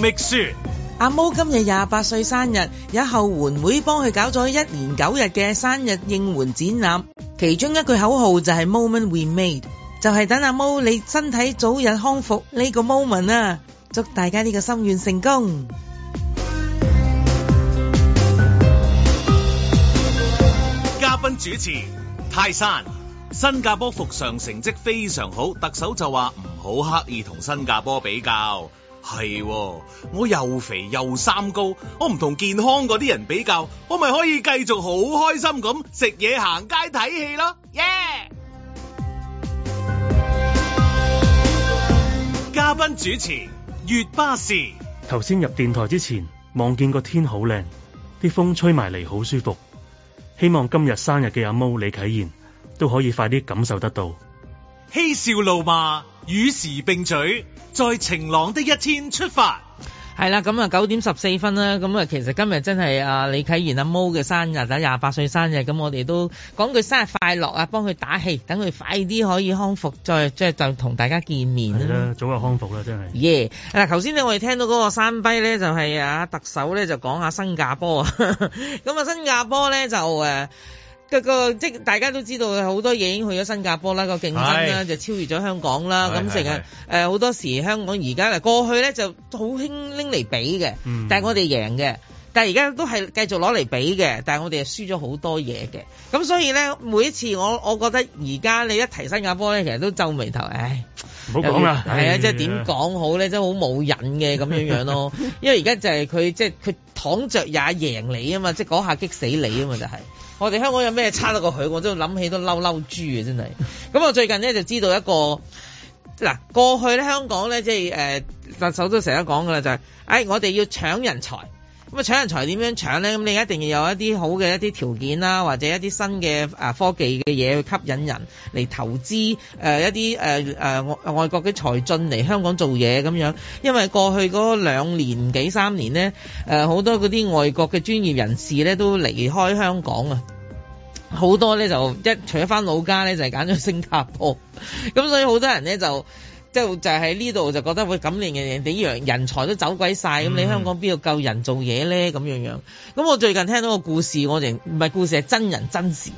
Make sure. 阿毛今日廿八歲生日，有後援會幫佢搞咗一連九日嘅生日應援展覽，其中一句口號就係 Moment We Made，就係等阿毛你身體早日康復呢個 moment 啊，祝大家呢個心願成功。嘉賓主持泰山，新加坡復常成績非常好，特首就話唔好刻意同新加坡比較。係、哦，我又肥又三高，我唔同健康嗰啲人比較，我咪可以繼續好開心咁食嘢、行街、睇戲咯，耶、yeah!！嘉賓主持月巴士，頭先入電台之前望見個天好靚，啲風吹埋嚟好舒服，希望今日生日嘅阿毛李啟賢都可以快啲感受得到。嬉笑怒罵。與時並舉，在晴朗的一天出發。係啦，咁啊九點十四分啦，咁啊其實今日真係啊李啟言阿毛嘅生日啊，廿八歲生日，咁我哋都講句生日快樂啊，幫佢打氣，等佢快啲可以康復，再即係就同大家見面啦。早日康復啦，真係。耶、yeah！嗱，頭先咧我哋聽到嗰個山碑咧就係、是、啊特首咧就講下新加坡啊，咁 啊新加坡咧就誒。即係大家都知道好多嘢已經去咗新加坡啦，個競爭啦就超越咗香港啦。咁成日誒好多時香港而家嗱，過去咧就好興拎嚟比嘅、嗯，但係我哋贏嘅。但係而家都係繼續攞嚟比嘅，但係我哋係輸咗好多嘢嘅。咁所以咧，每一次我我覺得而家你一提新加坡咧，其實都皺眉頭，唉。唔好講啦，係、哎、啊，即係點講好咧？即係好冇癮嘅咁樣樣咯。因為而家就係佢即係佢躺着也贏你啊嘛，即係嗰下激死你啊嘛，就係、是。我哋香港有咩差得過佢？我真係諗起都嬲嬲豬啊！真係。咁我最近咧就知道一個嗱，過去咧香港咧即係誒特首都成日講噶啦，就係誒我哋要搶人才。咁啊搶人才點樣搶呢？咁你一定要有一啲好嘅一啲條件啦、啊，或者一啲新嘅科技嘅嘢去吸引人嚟投資、呃、一啲、呃、外國嘅才俊嚟香港做嘢咁樣。因為過去嗰兩年幾三年呢，好、呃、多嗰啲外國嘅專業人士呢都離開香港啊，好多呢就一除咗返老家呢，就係揀咗新加坡。咁 所以好多人呢就。即係就喺呢度就覺得喂，今年人哋呢樣人才都走鬼晒，咁你香港邊度夠人做嘢咧？咁樣樣。咁我最近聽到個故事，我哋唔係故事，係真人真事。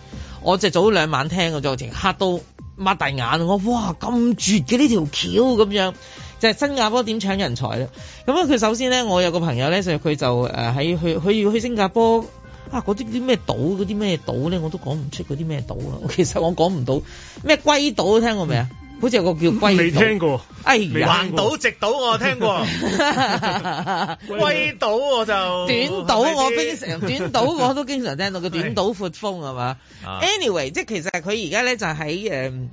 我就早兩晚聽嘅，就直嚇到擘大眼。我，就就眼我哇咁絕嘅呢條橋咁樣，就係、是、新加坡點搶人才啦。咁佢首先咧，我有個朋友咧就佢、呃、就誒喺去，佢要去新加坡啊嗰啲啲咩島，嗰啲咩島咧，我都講唔出嗰啲咩島啊。其實我講唔到咩，龜島聽過未啊？嗯好似有個叫龜島，未聽過。哎呀，橫島直島，我聽過，龜 島，我就。短島，我經常， 短島，我都經常聽到個短島闊風是，係嘛？Anyway，即係其實佢而家咧就喺誒。呃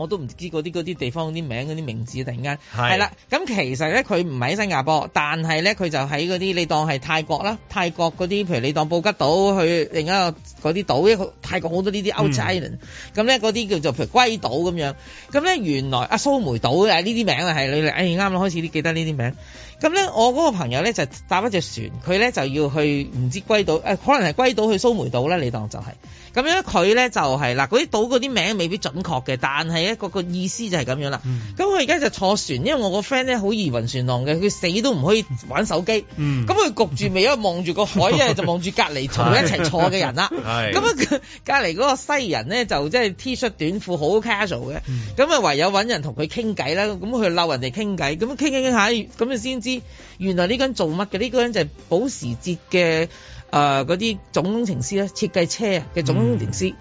我都唔知嗰啲啲地方啲名嗰啲名字，名字突然間，係啦的，咁其實咧佢唔喺新加坡，但係咧佢就喺嗰啲你當係泰國啦，泰國嗰啲譬如你當布吉島去另一個嗰啲島，一個泰國好多呢啲 out island，咁咧嗰啲叫做譬如龜島咁樣，咁咧原來阿、啊、蘇梅島啊呢啲名啊係你哋哎啱啱，開始啲記得呢啲名，咁咧我嗰個朋友咧就搭一隻船，佢咧就要去唔知龜島，誒、啊、可能係龜島去蘇梅島啦，你當就係咁樣，佢咧就係嗱嗰啲島嗰啲名未必準確嘅，但係。一個個意思就係咁樣啦，咁佢而家就坐船，因為我個 friend 咧好易暈船浪嘅，佢死都唔可以玩手機，咁佢焗住未，因為望住個海， 就望住隔籬坐一齊坐嘅人啦。咁啊、 嗯，隔籬嗰個西人咧就即係 T 恤短褲好 casual 嘅，咁啊、嗯、唯有搵人同佢傾偈啦，咁佢鬧人哋傾偈，咁傾傾傾下，咁啊先知原來呢個人做乜嘅？呢、這個、人就係保時捷嘅。誒嗰啲總工程師咧，設計車啊嘅總工程師。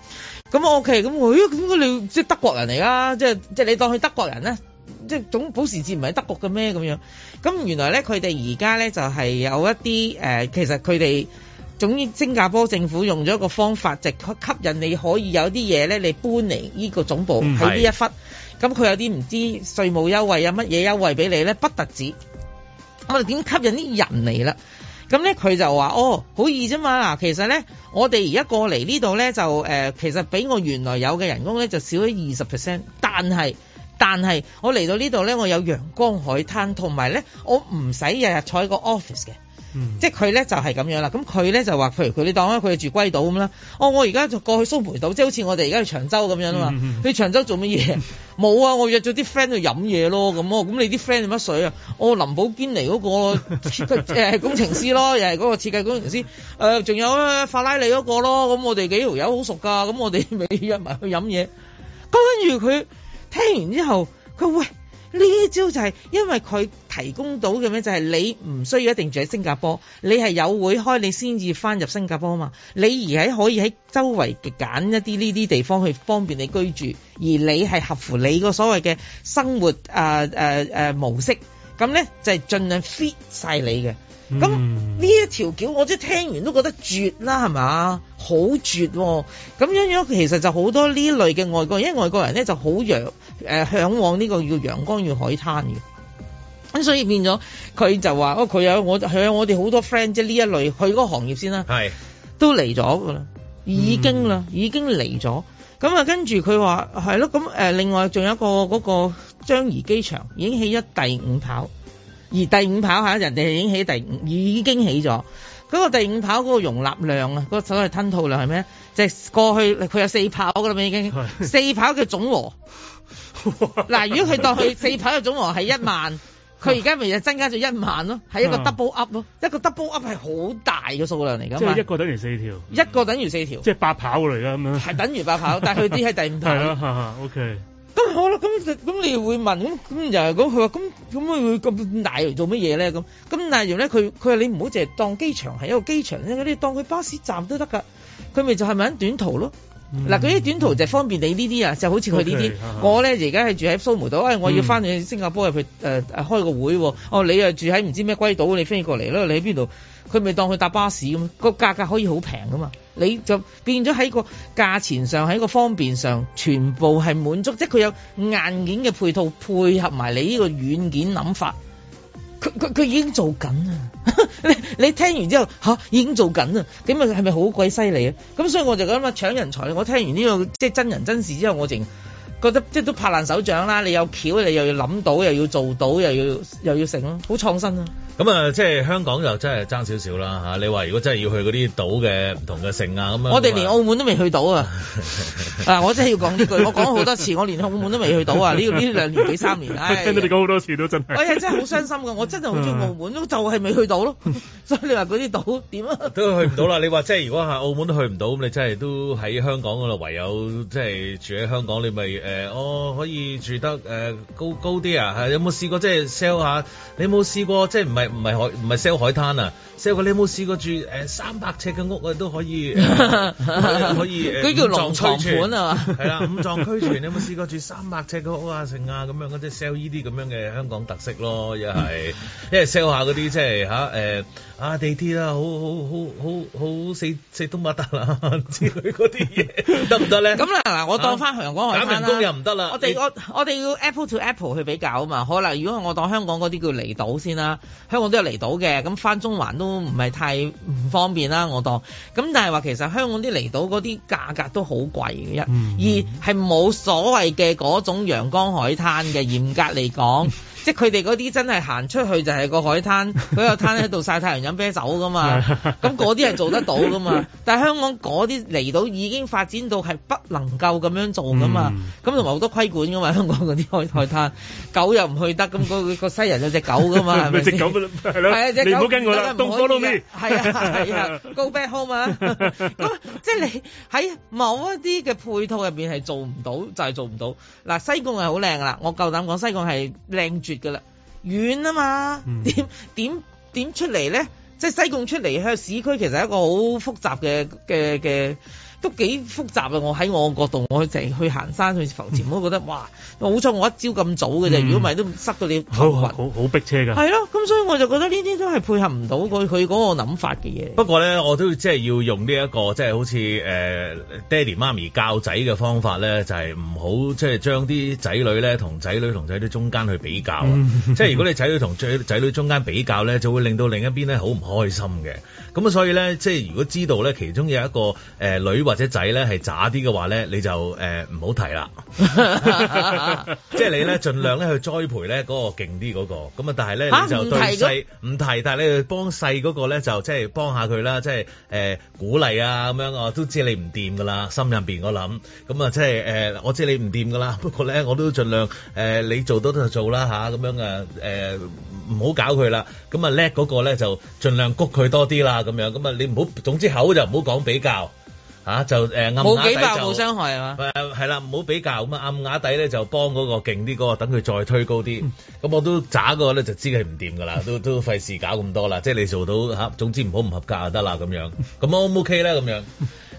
咁、嗯、OK，咁我咦？哎、點解你即係德國人嚟啦？即係即係你當佢德國人咧？即、就、係、是、總保時捷唔係德國嘅咩？咁樣。咁原來咧，佢哋而家咧就係、是、有一啲誒、呃，其實佢哋總之新加坡政府用咗一個方法，就是、吸引你可以有啲嘢咧，你搬嚟呢個總部喺呢一忽。咁佢有啲唔知稅務優惠啊，乜嘢優惠俾你咧？不特止。我哋點吸引啲人嚟啦？咁咧佢就話，哦，好易啫嘛。嗱，其實咧我哋而家過嚟呢度咧就、誒、呃，其實比我原來有嘅人工咧就少咗二十 percent，但係，但係我嚟到呢度咧，我有陽光海灘，同埋咧我唔使日日坐喺個 office 嘅。嗯、即係佢咧就係、是、咁樣啦，咁佢咧就話，譬如佢你當咧佢住龜島咁啦，哦我而家就過去蘇梅島，即係好似我哋而家去長洲咁樣啊嘛，去、嗯、長洲做乜嘢？冇 啊，我約咗啲 friend 去飲嘢咯，咁啊，咁你啲 friend 係乜水啊？哦林寶堅尼嗰、嗰個設計誒工程師咯，又係嗰個設計工程師，誒、呃、仲有法拉利嗰個咯，咁、啊、我哋幾條友好熟噶，咁、啊、我哋未約埋去飲嘢。咁跟住佢聽完之後，佢喂呢招就係因為佢。提供到嘅咩就係你唔需要一定住喺新加坡，你係有會開你先至翻入新加坡啊嘛？你而喺可以喺周圍揀一啲呢啲地方去方便你居住，而你係合乎你個所謂嘅生活誒誒誒模式，咁咧就係、是、盡量 fit 晒你嘅。咁呢一條橋我即係聽完都覺得絕啦，係咪啊？好絕、哦！咁樣樣其實就好多呢類嘅外國人，因為外國人咧就好陽誒，向往呢個叫陽光與海灘嘅。咁所以變咗佢就話哦，佢有我佢有我哋好多 friend 即係呢一類去嗰個行業先啦、啊，係是都嚟咗噶啦，已經啦，嗯、已經嚟咗。咁啊，跟住佢話係咯，咁誒，另外仲有一個嗰、那個張儀機場已經起咗第五跑，而第五跑嚇人哋已經起第五，已經起咗嗰、那個第五跑嗰個容納量啊，嗰、那個所謂吞吐量係咩？即、就、係、是、過去佢有四跑噶啦，已經是四跑嘅總和嗱， 如果佢當去四跑嘅總和係一萬。佢而家咪又增加咗一萬咯，係一個 double up 咯，一個 double up 係好大嘅數量嚟噶嘛。即係一個等於四條。一個等於四條。即係八跑嚟㗎。咁樣。係等於八跑， 但係佢啲喺第五條係啦。哈哈、 啊，OK。咁好啦，咁咁你會問咁咁又係講佢話咁咁會咁大做咩嘢咧？咁咁例如咧，佢佢話你唔好淨係當機場係一個機場咧，你當佢巴士站都得噶，佢咪就係咪喺短途咯？嗱，佢啲、嗯、短途就方便你呢啲啊，就好似佢、okay, uh huh. 呢啲。我咧而家係住喺蘇梅島，我要翻去新加坡入去誒、呃、開個會、哦。嗯、哦，你又住喺唔知咩龜島，你飛過嚟咯，你喺邊度？佢咪當佢搭巴士咁，個價格可以好平噶嘛。你就變咗喺個價錢上，喺個方便上，全部係滿足，即係佢有硬件嘅配套配合埋你呢個軟件諗法。佢佢佢已經做緊啊！ 你你聽完之後吓、啊、已經做緊啊！點解係咪好鬼犀利啊？咁所以我就講，「啊，搶人才。我聽完呢個即係真人真事之後，我淨覺得即係都拍爛手掌啦。你有橋，你又要諗到，又要做到，又要又要成咯，好創新啊！咁啊，即係香港就真係爭少少啦嚇！你話如果真係要去嗰啲島嘅唔同嘅城啊，咁我哋連澳門都未去到啊！ 啊我真係要講呢句，我講好多次，我連澳門都未去到啊！呢呢 兩年幾三年，哎、我聽到你講好多次都真係，哎呀，真係好傷心嘅，我真係好中意澳門，都就係、是、未去到咯、啊， 所以你話嗰啲島點啊？都去唔到啦！你話即係如果喺澳門都去唔到，咁你真係都喺香港嗰度唯有即係住喺香港，你咪我、呃哦、可以住得誒、呃、高高啲啊，啊？有冇試過即係 sell 下？你有冇試過即係唔係？唔係海，唔係 sell 海灘啊！sell 個，你有冇試過住誒三百尺嘅屋啊？都可以，呃、 可以，可以。佢叫龍藏盤啊嘛，係啦， 五臟俱全。你有冇試過住三百尺嘅屋啊？成啊咁樣嗰啲 sell 呢啲咁樣嘅香港特色咯，一係一係 sell 下嗰啲即係嚇誒。啊呃啊！地鐵啦，好好好好好死死都乜得啦，唔知佢嗰啲嘢得唔得咧？咁嗱嗱，我當翻香港海灘人工又唔得啦。啊、啦 我哋我我哋要 Apple to Apple 去比較啊嘛。可能如果我當香港嗰啲叫離島先啦，香港都有離島嘅，咁翻中環都唔係太唔方便啦。我當咁，但係話其實香港啲離島嗰啲價格都好貴嘅一二係冇所謂嘅嗰種陽光海灘嘅 嚴格嚟講，即佢哋嗰啲真係行出去就係個海灘，嗰、那個灘喺度曬太陽。飲啤酒噶嘛，咁嗰啲係做得到噶嘛， 但係香港嗰啲離島已經發展到係不能夠咁樣做噶嘛，咁同埋好多規管噶嘛，香港嗰啲海海灘，灘 狗又唔去得，咁、個西人有隻狗噶嘛，係咪？ 狗係啊，隻狗唔好跟我啦，東哥都未，係啊係啊，Go back home 啊！咁 即係你喺某一啲嘅配套入面係做唔到，就係、係、做唔到。嗱，西貢係好靚噶啦，我夠膽講西貢係靚絕噶啦，遠啊嘛， 點點點出嚟咧？即係西貢出嚟向市區，其實係一個好複雜嘅嘅嘅。的的都幾複雜啊。我喺我個角度，我成日去行山去浮潛，我、嗯、都覺得哇！嘩，好彩我一朝咁早嘅啫，如果唔係都塞到你頭暈，好好逼車㗎。係咯，咁所以我就覺得呢啲都係配合唔到佢佢嗰個諗法嘅嘢。不過咧，我都即係要用呢、這、一個即係、就是、好似誒、呃、爹哋媽咪教仔嘅方法咧，就係唔好即係將啲仔女咧同仔女同仔女中間去比較、啊。嗯、 即係如果你仔女同仔女中間比較咧，就會令到另一邊咧好唔開心嘅。咁啊，所以咧，即係如果知道咧，其中有一個誒、呃、女或者仔咧係渣啲嘅話咧，你就誒唔好提啦。 即係你咧，盡量咧去栽培咧嗰勁啲嗰個。咁、那、啊、個那個，但係咧你就對細唔、啊、提，提，但係你去幫細嗰咧，就即係幫下佢啦，即係誒鼓勵啊咁樣啊，都知你唔掂噶啦，心入邊我諗。咁啊，即係誒我知你唔掂噶啦，不過咧我都盡量誒、呃、你做到、啊呃、就做啦吓咁樣啊誒唔好搞佢啦。咁啊叻個咧就盡量谷佢多啲啦。咁樣咁啊，你唔好，總之口就唔好講比較，吓就誒暗啞底就冇比較冇傷害係嘛？係啦，唔好比較咁啊暗啞底咧就幫嗰個勁啲嗰個等佢再推高啲，咁我都渣個咧就知佢唔掂噶啦，都都費事搞咁多啦，即係你做到吓，總之唔好唔合格就得啦咁樣，咁 O 唔 OK 咧咁樣？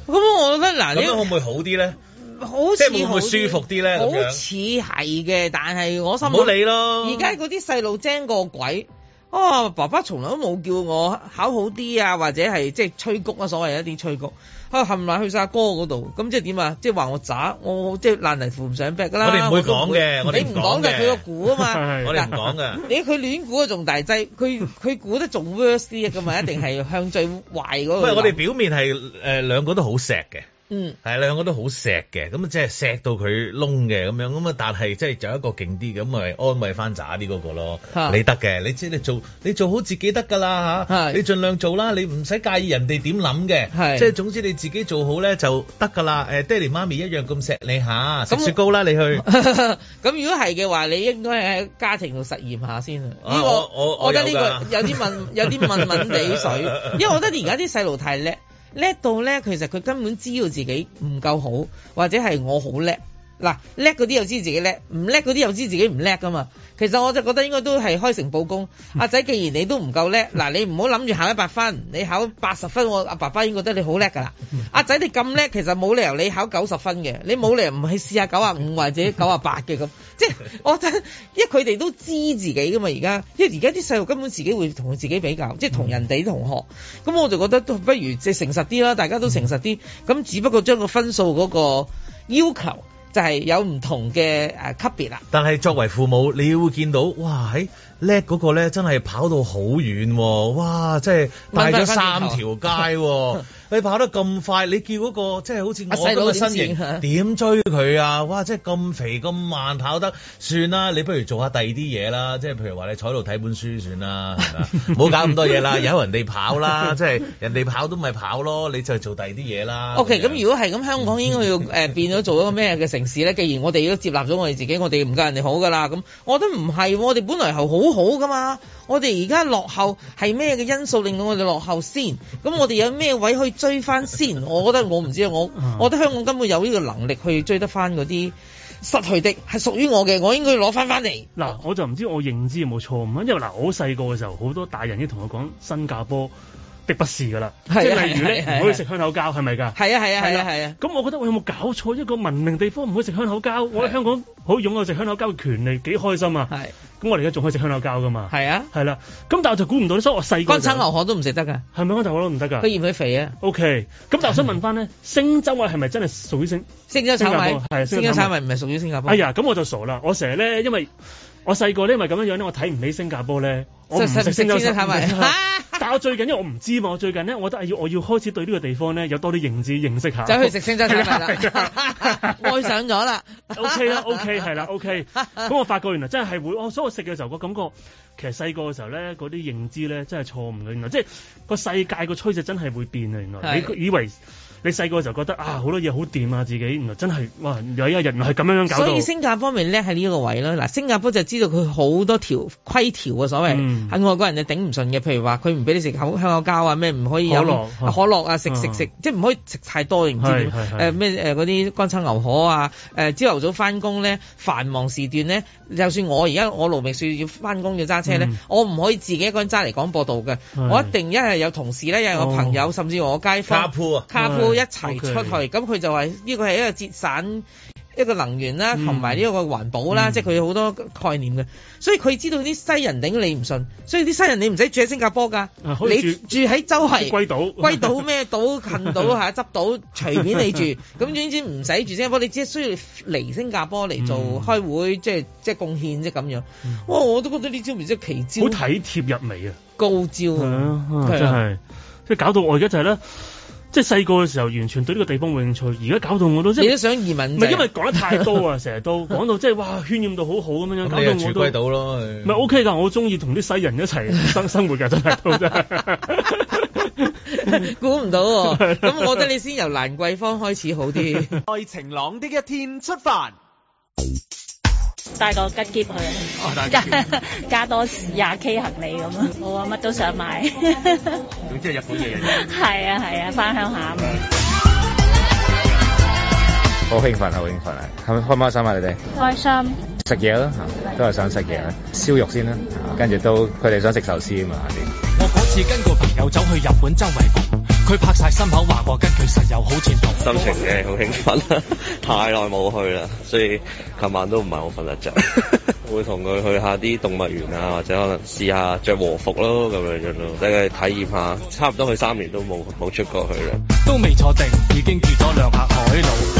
咁我覺得嗱，咁樣會唔會好啲咧？好似即係會唔會舒服啲咧？好似係嘅，但係我心唔好理咯。而家嗰啲細路精過鬼。哦，爸爸從來都冇叫我考好啲啊，或者係即係吹谷啊，所謂一啲吹谷，佢冚埋去曬哥嗰度，咁即係點啊？即係話我渣，我即係爛泥扶唔上壁啦。我哋唔會講嘅，我哋唔講嘅。你唔講就係佢個估啊嘛，我哋唔講嘅。你佢亂估啊，仲大劑，佢佢估得仲 worse 啲啊嘛，一定係向最壞嗰個。 唔係，我哋表面係、呃、兩個都好錫嘅。嗯，係兩個都好錫嘅，咁啊即係錫到佢窿嘅咁樣，咁啊但係即係就一個勁啲，咁咪安慰翻渣啲嗰個咯。你得嘅，你即係做你做好自己得噶啦嚇，你儘量做啦，你唔使介意人哋點諗嘅。係，即係總之你自己做好咧就得噶啦。誒爹哋媽咪一樣咁錫你嚇，食雪糕啦你去。咁如果係嘅話，你應該喺家庭度實驗下先。啊，我我我覺得呢個有啲問有啲問問地水，因為我覺得而家啲細路太叻。叻到咧，其實佢根本知道自己唔夠好，或者係我好叻。嗱，叻嗰啲又知自己叻，唔叻嗰啲又知自己唔叻噶嘛。其實我就覺得應該都係開誠布公。阿仔、嗯啊，既然你都唔夠叻，嗱你唔好諗住考一百分，你考八十分，我阿爸，爸已經覺得你好叻噶啦。阿仔、嗯啊，你咁叻，其實冇理由你考九十分嘅，你冇理由唔去試下九十五或者九十八嘅咁。嗯、即係我覺得，因為佢哋都知自己噶嘛。而家因為而家啲細路根本自己會同自己比較，即係同人哋同學。咁、嗯、我就覺得都不如即係誠實啲啦，大家都誠實啲。咁、嗯、只不過將個分數嗰個要求。就係有唔同嘅誒級別啦。但係作為父母，你會見到，哇，喺叻嗰個咧，真係跑到好遠，啊，哇！即係帶咗三條街，啊。 你跑得咁快，你叫嗰、嗰個即係好似我咁嘅身影。點、啊、追佢啊？哇！即係咁肥咁慢跑得，算啦，你不如做下第二啲嘢啦。即係譬如話你坐喺度睇本書算啦，唔好 搞咁多嘢啦。有人哋跑啦， 即係人哋跑都咪跑咯，你就做第二啲嘢啦。OK，咁如果係咁，香港應該要誒、呃、變咗做一個咩嘅城市咧？既然我哋都接納咗我哋自己，我哋唔夠人哋好噶啦。咁我覺得唔係，我哋本來係好好噶嘛。我哋而家落後係咩嘅因素令到我哋落後先？咁我哋有咩位去？追翻先，我覺得我唔知啊，我我覺得香港根本有呢個能力去追得翻嗰啲失去的，係屬於我嘅，我應該攞翻翻嚟嗱，我就唔知我認知有冇錯誤啊，因為嗱，我細個嘅時候好多大人都同我講新加坡。食不是噶啦，即係例如咧唔可以食香口膠，係咪噶？係啊係啊係啊係啊。咁我覺得我有冇搞錯？一個文明地方唔可以食香口膠，我喺香港好擁有食香口膠嘅權利，幾開心啊！係，咁我哋而家仲可以食香口膠噶嘛？係啊，係啦。咁但係我就估唔到，所以我細個乾炒牛河都唔食得噶，係咪乾炒河都唔得噶？佢嫌佢肥啊。O K，咁但係我想問翻咧，星洲啊，係咪真係屬於星？星洲炒米係星洲炒米，唔係屬於新加坡。哎呀，咁我就傻啦！我成日咧，因為。我細個呢，因為咁樣樣咧，我睇唔起新加坡咧，我唔食星洲。但係我最近，因為我唔知嘛，我最近咧，我覺得要我要開始對呢個地方咧有多啲認知認識下。就去食星洲。愛的 上咗啦。O K 啦，O K 係啦，O K。咁我發覺原來真係會，我所以我食嘅時候個感覺，其實細個嘅時候咧，嗰啲認知咧真係錯誤嘅。原來即係個世界個趨勢真係會變啊！原來的你以為你細個就覺得啊，好多嘢好掂啊，自己，原來真係哇，有一人原係咁樣樣搞，所以新加坡咪叻喺呢個位咯。嗱，新加坡就知道佢好多條規條啊，所謂，喺外國人就頂唔順嘅。譬如話佢唔俾你食口香口膠啊咩，唔可以飲可，樂、啊、可樂啊，食食食、啊、即係唔可以食太多，唔知咩嗰啲乾炒牛河啊。誒朝頭早翻工咧繁忙時段咧，就算我而家我盧覓雪要翻工要揸車咧，我唔、嗯、可以自己一個人揸嚟廣播道嘅，是我一定一係有同事咧，又係有朋友，哦、甚至我街坊。卡鋪啊，一齊出去，咁佢就話呢個係一個節省一個能源啦，同埋呢個環保啦，即係佢有好多概念嘅。所以佢知道啲西人頂你唔順，所以啲西人你唔使住喺新加坡噶，你住喺周圍。歸島，歸島咩島？近島吓，執島隨便你住，咁總之唔使住新加坡，你只係需要嚟新加坡嚟做開會，即係即係貢獻啫咁樣。哇，我都覺得呢招唔知奇招，好體貼入嚟啊，高招，真係，即係搞到我而家就係咧。即係細個嘅時候，完全對呢個地方冇興趣。而家搞到我都即係想移民。唔係因為講得太多啊，成日 都講到即係哇，渲染到好好咁樣樣，搞到我都。唔係 OK 噶，我好中意同啲西人一齊生生活噶， 真係估唔到，咁我覺得你先由蘭桂坊開始好啲。在晴 朗的一天出發。帶個吉吉去，啊、吉加加多廿 K 行李咁咯。我話乜都想買， 總之係日本嘢啫。係啊係啊，翻鄉下好興奮啊好，好，好興奮啊，開唔開心啊你哋？開心。食嘢啦，都係想食嘢。燒肉先啦，跟住好都，佢哋想食壽司啊嘛。我嗰次跟個朋友走去日本周圍。佢拍晒心口話過，跟佢實有好前途。心情嘅，好興奮， 太耐冇去啦，所以琴晚都唔係好瞓得着。 會同佢去下啲動物園啊，或者可能試下着和服咯，咁樣樣咯，等佢體驗下。差唔多去三年都冇冇出過去啦。都未坐定，已經住咗兩客海老。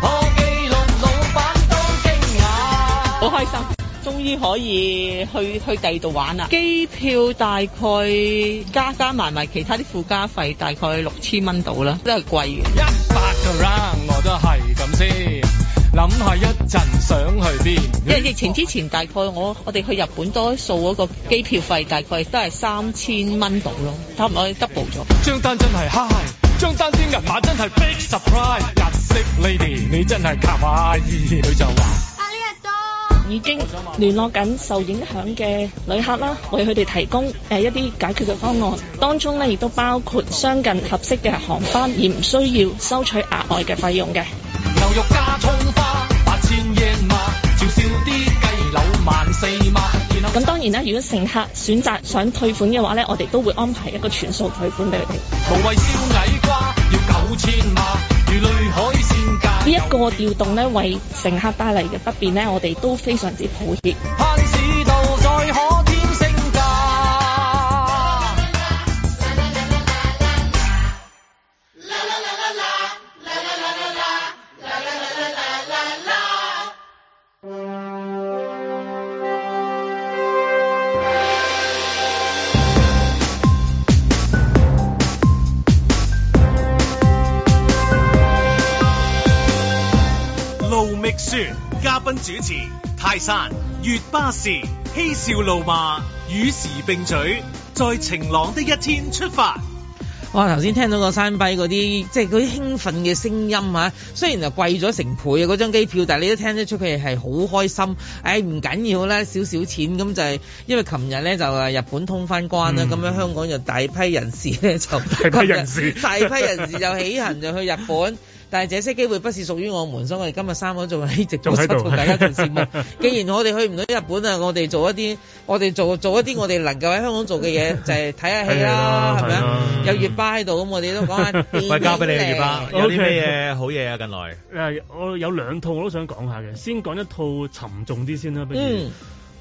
何記老闆都驚訝，好開心，終於可以去去第二度玩啦！機票大概加加埋埋其他啲附加費，大概六千蚊到啦，都係貴嘅。一百個 round 我都係咁先，諗下一陣想去邊。因為疫情之前，大概我我哋去日本多數嗰個機票費，大概都係三千蚊到咯，差唔多 double 咗。張單真係 high，張單先銀碼真係 big surprise。Lady，你真係夾啊！佢就話。阿李已經聯絡緊受影響嘅旅客啦，為佢哋提供誒一啲解決嘅方案，當中咧亦都包括相近合適嘅航班，而唔需要收取額外嘅費用嘅。牛肉加蔥花，八千円嘛，少少啲雞柳萬四嘛。咁當然啦，如果乘客選擇想退款嘅話咧，我哋都會安排一個全數退款俾佢哋。無謂燒矮瓜，要九千円嘛，如淚可。呢一個調動咧，為乘客帶嚟嘅不便咧，我哋都非常之抱歉。主持泰山月巴士，嬉笑怒罵，與時並舉，在晴朗的一天出發。哇！頭先聽到個山壁嗰啲，即係嗰啲興奮嘅聲音啊！雖然就貴咗成倍啊，嗰張機票，但係你都聽得出佢係好開心。唉、哎，唔緊要啦，少少錢咁就係。因為琴日咧就誒日本通翻關啦，咁、嗯、樣香港就大批人士咧就 天 大批人士， 大批人士就起行就去日本。但係這些機會不是屬於我們，所以我哋今日三個做喺直播室做第一件事。既然我哋去唔到日本啊，我哋做一啲我哋做做一啲我哋能夠喺香港做嘅嘢，就係睇下戲啦，係咪有月巴喺度咁，我哋都講下。唔係交俾你，月巴。有啲咩嘢好嘢啊？近來我有兩套我都想講下嘅，先講一套沉重啲先啦，不如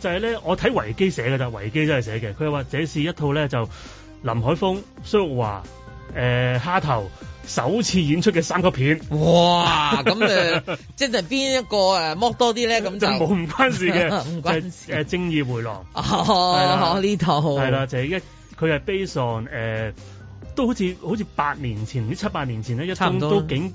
就係咧，我睇維基寫嘅就維基真係寫嘅，佢係話這是一套咧就林海峯、蘇玉華、誒蝦頭首次演出嘅三級片，哇！咁誒，即係邊一個誒剝多啲咧？咁就冇唔關事嘅，唔 關事正義迴廊，呢套係啦，就係、是、一佢係 based on 都好似好似八年前，啲七八年前咧，一出都竟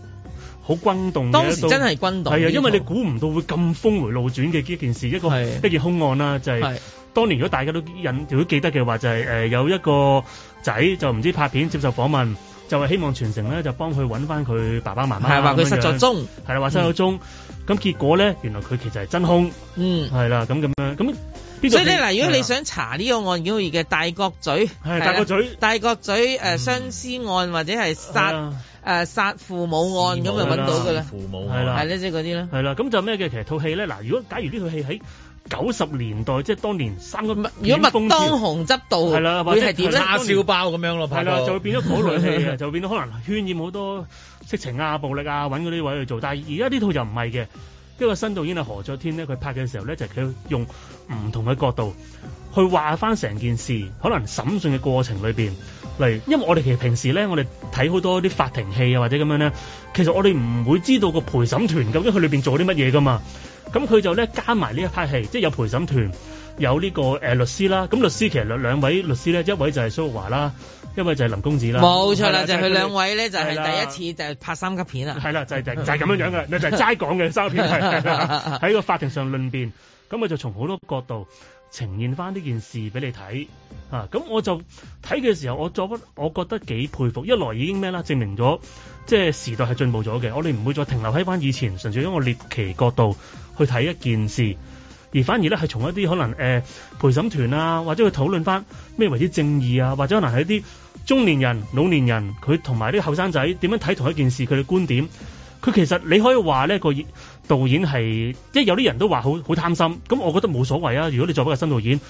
好轟動嘅，當時真係轟動，係啊，因為你估唔到會咁峰回路轉嘅呢件事，一個的一件兇案啦，就係、是、當年如果大家都引，如果記得嘅話，就係、是、誒、呃、有一個仔就唔知拍片接受訪問。就係希望全城咧，就幫佢揾翻佢爸爸媽媽。係話佢失咗蹤，係啦話失咗蹤。咁結果咧，原來佢其實係真兇。嗯，係啦，咁咁樣。咁所以咧嗱，如果你想查呢個案件嘅大角咀，係大角咀，大角咀誒雙屍案或者係殺誒殺父母案咁就揾到㗎啦。父母係啦，係咧即係嗰啲咧。係啦，咁就咩嘅？其實套戲咧嗱，如果假如呢套戲喺，九十年代即係當年三個，如果麥當雄執年導，係啦，或者叉燒包咁樣咯，係啦就會變咗好樂戲，就變咗可能渲染好多色情啊、暴力啊，揾嗰啲位去做。但係而家呢套就唔係嘅，因為新導演係何作天咧，佢拍嘅時候咧就係佢用唔同嘅角度去話翻成件事，可能審訊嘅過程裏邊嚟。因為我哋其實平時咧，我哋睇好多啲法庭戲啊，或者咁樣咧，其實我哋唔會知道個陪審團究竟佢裏邊做啲乜嘢噶嘛。咁佢就咧加埋呢一批戲，即、就、係、是、有陪審團，有呢、這個誒、呃、律師啦。咁律師其實兩兩位律師咧，一位就係蘇玉華啦，一位就係林公子啦。冇錯啦，就係佢兩位咧，就係的第一次就係拍三級片啦係啦，就係、是、就係、是、咁樣樣嘅， 你就齋講嘅三級片，喺個 法庭上論辯，咁佢就從好多角度。呈現翻呢件事俾你睇啊！咁我就睇嘅時候，我作不，我覺得幾佩服。一來已經咩啦，證明咗即係時代係進步咗嘅。我哋唔會再停留喺翻以前，純粹因我獵奇角度去睇一件事，而反而咧係從一啲可能誒、呃、陪審團啊，或者去討論翻咩為之正義啊，或者可能係一啲中年人、老年人，佢同埋啲後生仔點樣睇同一件事，佢嘅觀點。佢其實你可以話呢、呢個。導演係即係有啲人都話好好貪心，咁我覺得冇所謂啊！如果你作為一個新導演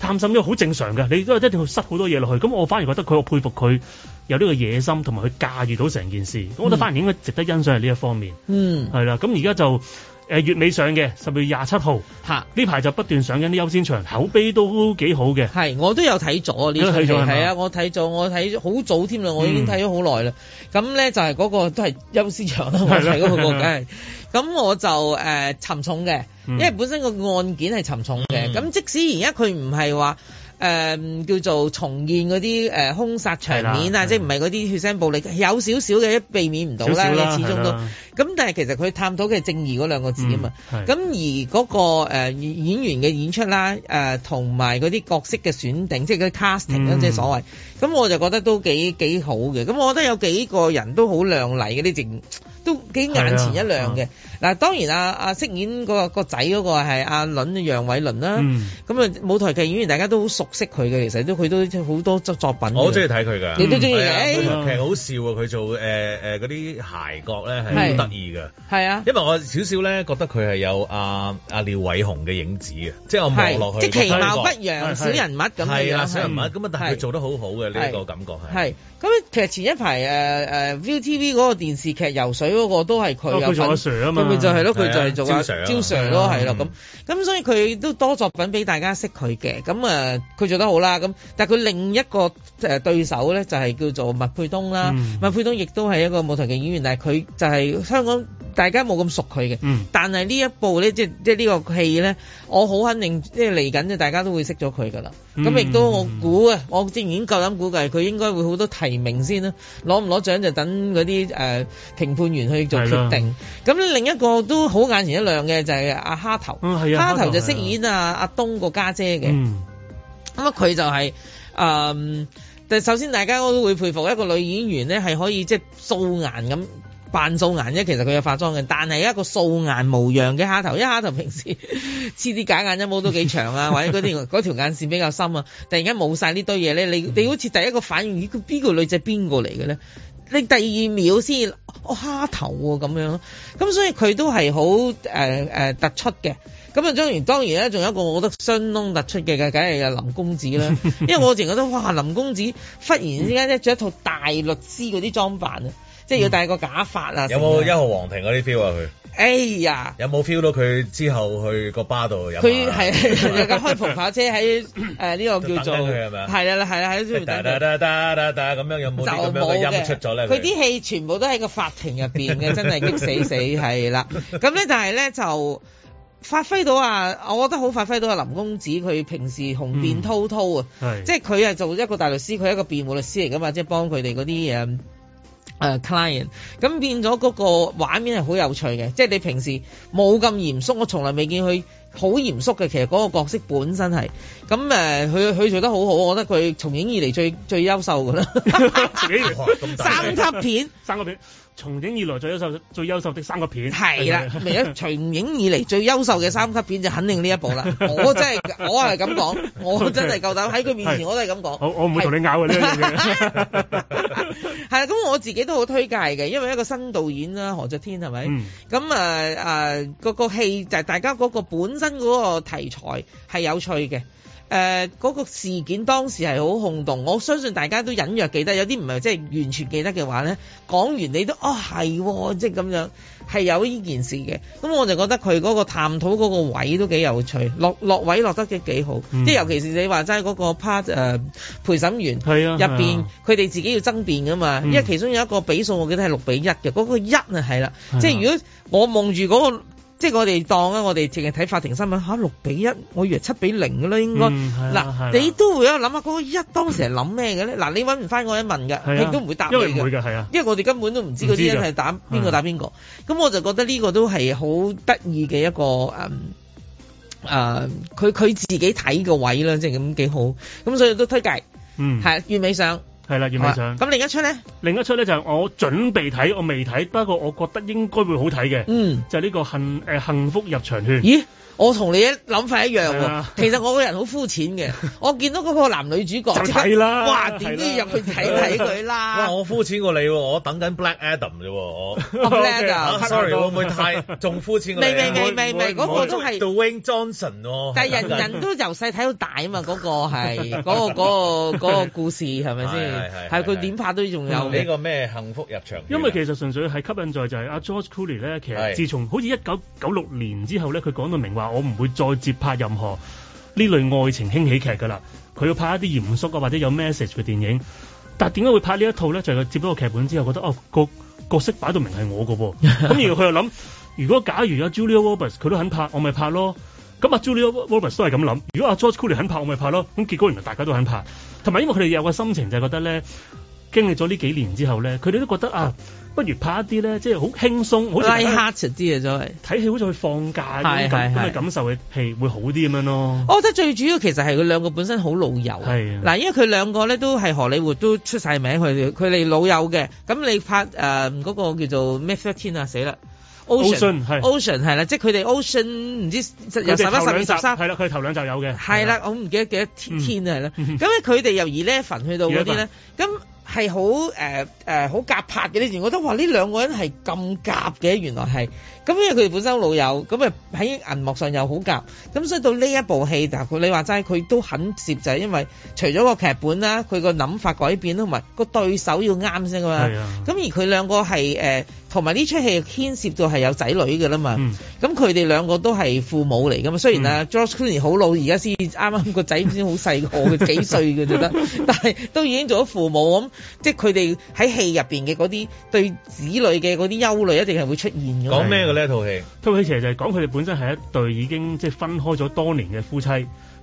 貪心呢，好正常嘅，你都一定要塞好多嘢落去。咁我反而覺得佢好佩服佢有呢個野心，同埋佢駕馭到成件事。咁我覺得反而應該值得欣賞係呢一方面，嗯，係啦。咁而家就。誒月尾上嘅十月廿七號，吓呢排就不斷上緊啲優先場，口碑都幾好嘅。係，我都有睇咗呢啲，係啊，我睇咗，我睇好早添啦，我已經睇咗好耐啦。咁咧、嗯、就係嗰、那個都係優先場啦，我睇嗰、那個梗係。咁的我就誒、呃、沉重嘅，嗯、因為本身個案件係沉重嘅。咁、嗯、即使而家佢唔係話。誒、呃、叫做重現嗰啲誒兇殺場面啊，即係唔係嗰啲血腥暴力，有少少嘅一避免唔到啦，小小啦始終都。咁的但係其實佢探討嘅係正義嗰兩個字啊嘛。咁、嗯、而嗰、那個、呃、演員嘅演出啦，誒同埋嗰啲角色嘅選定，即係嗰 casting 啦、嗯，即係所謂。咁我就覺得都幾幾好嘅。咁我覺得有幾個人都好亮麗嘅，呢啲正都幾眼前一亮嘅。嗱當然啊啊飾演個個仔個係係阿倫楊偉倫啦，咁啊舞台劇演員大家都好熟悉佢嘅，其實都佢都好多作品。我好中意睇佢㗎，你都中意嘅。劇好笑啊，佢做誒誒啲鞋角咧係好得意嘅，係啊，因為我少少咧覺得佢係有阿阿廖偉雄嘅影子嘅，即係我望落去即其貌不揚小人物咁。係啊小人物咁啊，但係佢做得好好嘅呢個感覺係，係咁，其實前一排誒誒 Viu TV 個電視劇《游水》個都係佢有份。佢做阿 Sir 啊嘛。就係咯，佢就係做阿招 Sir 咯，啊，係咯咁，咁所以佢都多作品俾大家識佢嘅，咁啊佢做得好啦，咁但係佢另一個誒對手咧就係、是、叫做麥沛東啦，嗯、麥沛東亦都係一個舞台嘅演員，但係佢就係香港。大家冇咁熟佢嘅，嗯、但係呢一部咧，即係即係呢個戲咧，我好肯定，即係嚟緊就大家都會識咗佢噶啦。咁亦、嗯、都我估啊，我先演夠膽估計佢應該會好多提名先啦。攞唔攞獎就等嗰啲誒評判員去做決定。咁、嗯、另一個都好眼前一亮嘅就係阿蝦頭，蝦、嗯、頭就飾演啊阿的、啊、東個家姐嘅。咁啊佢就係、是、誒，但、嗯、首先大家都會佩服一個女演員咧，係可以即係素顏咁。扮素顏啫，其實佢有化妝嘅，但係一個素顏模樣嘅蝦頭，因為蝦頭平時黐啲假眼一毛都幾長啊， 或者嗰啲條眼線比較深啊，突然間冇晒呢堆嘢咧，你你好似第一個反應咦，個邊個女仔邊個嚟嘅咧？你第二秒先，我、哦、蝦頭啊咁樣，咁所以佢都係好誒誒突出嘅。咁啊，當然當然咧，仲有一個我覺得相當突出嘅，嘅，梗係林公子啦，因為我直程覺得哇，林公子忽然之間咧着一套大律師嗰啲裝扮啊。即係要戴個假髮啊！嗯、有冇一號皇庭嗰啲 feel 啊？佢哎呀！有冇 feel 到佢之後去個巴度？佢係有架開篷跑車喺誒呢個叫做。等緊佢係咪？係啦係啦，喺出邊等緊。得得得得得得，咁樣有冇音，音出咗佢啲戲全部都喺個法庭入邊嘅，真係激死死係啦。咁咧， 但係咧就發揮到啊！我覺得好發揮到啊！林公子佢平時雄辯滔滔啊，嗯、即係佢係做一個大律師，佢係一個辯護律師嚟㗎嘛，即係幫佢哋嗰啲誒。嗯誒、uh, client，咁變咗嗰個畫面係好有趣嘅，即係你平時冇咁嚴肅，我從來未見佢好嚴肅嘅，其實嗰個角色本身係，咁誒佢佢做得好好，我覺得佢從影以嚟最最優秀㗎啦， 三級片， 三級片。從影以來最優秀最優秀的三個片係啦，未啊！從影以嚟最優秀嘅三級片就肯定呢一部啦。 我，這 我真係 我係咁講，我真係夠膽喺佢面前我都係咁講。我我唔會同你拗嘅呢啲嘢。係啦，咁我自己都好推介嘅，因為一個新導演啦，何爵天係咪？咁啊啊，嗯那呃呃嗰個戲就大家嗰個本身嗰個題材係有趣嘅。誒嗰、呃那個事件當時係好轟動，我相信大家都隱約記得，有啲唔係即係完全記得嘅話咧，講完你都哦係、哦、即係咁樣，係有呢件事嘅。咁我就覺得佢嗰個探討嗰個位都幾有趣，落落位落得嘅幾好，即係、嗯、尤其是你話齋嗰個 part 誒、呃、陪審員入面，佢哋、啊啊、自己要爭辯噶嘛，嗯、因為其中有一個比數，我記得係六比一嘅，嗰、那個一啊係啦，即係如果我望住嗰個。即係我哋當啊，我哋淨係睇法庭新聞嚇六、啊、比一，我以為七比零嘅啦，應該嗱，你都會有諗下嗰個一當時係諗咩嘅咧？嗱，你揾唔翻我一問嘅，佢都唔會答你嘅，因為係、啊、因為我哋根本都唔知嗰啲人係打邊個打邊個，咁、啊、我就覺得呢個都係好得意嘅一個嗯誒，佢、啊、佢自己睇個位啦，即係咁幾好，咁所以都推介，嗯，係，月尾上。係啦，葉先生。咁、啊、另一出咧？另一出咧就係、是、我準備睇，我未睇，不過我覺得應該會好睇嘅。嗯，就係呢個幸誒、呃、幸福入場券。咦我同你嘅諗法一樣喎，其實我個人好膚淺嘅。我見到嗰個男女主角就係啦，哇，點都要入去睇睇佢啦。哇，我膚淺過你喎，我等緊 Black Adam 啫喎，我 Black Adam，sorry，我會唔會太仲膚淺過你？未未未未嗰個都係 Dwayne Johnson 喎，但係人人都由細睇到大啊嘛，嗰個係嗰個嗰故事係咪先？係佢點拍都仲有呢個咩幸福入場？因為其實純粹係吸引在就係阿 George Clooney 咧，其實自從好似一九九六年之後咧，佢講到明話。我唔會再接拍任何呢類愛情輕喜劇噶啦，佢要拍一啲嚴肅嘅或者有 message 嘅電影。但點解會拍呢一套咧？就係佢接咗個劇本之後，覺得哦個，個角色擺到明係我喎。咁然後佢又諗，如果假如有 Julia Roberts 佢都肯拍，我咪拍咯。咁啊，Julia Roberts 都係咁諗。如果阿 George Clooney 肯拍，我咪拍咯。咁結果原來大家都肯拍，同埋因為佢哋有個心情就係覺得咧，經歷咗呢幾年之後咧，佢哋都覺得啊。不如拍一啲咧，即係好輕鬆，好似 light-hearted 啲嘅，都係睇戲好似去放假咁嘅感受嘅戲，會好啲咁樣咯。我覺得最主要其實係佢兩個本身好老友。係。嗱，因為佢兩個咧都係荷里活都出晒名，佢佢哋老友嘅。咁你拍誒嗰個叫做咩？一天啊，死啦！Ocean Ocean 係啦，即係佢哋 Ocean 唔知十一、十二、十三係啦，佢頭兩集有嘅。係啦，我唔記得幾多天啊，係啦。咁咧，佢哋由呢一去到嗰啲咧，咁。係好誒誒好夾拍嘅，以前我都話呢兩個人係咁夾嘅，原來係咁，因為佢哋本身老友，咁啊喺銀幕上又好夾，咁所以到呢一部戲，但係佢你話齋，佢都肯接，就係因為除咗個劇本啦，佢個諗法改變同埋個對手要啱先㗎嘛，咁、啊、而佢兩個係誒。呃同埋呢出戲牽涉到係有仔女㗎喇嘛，咁佢哋兩個都係父母嚟噶嘛，雖然啊、嗯、，George Clooney 好老，而家先啱啱個仔先好細個嘅幾歲嘅就得，但係都已經做咗父母咁， 即係佢哋喺戲入邊嘅嗰啲對子女嘅嗰啲憂慮一定係會出現嘅。講咩嘅呢套戲？套戲 其實就係講佢哋本身係一對已經即係分開咗多年嘅夫妻。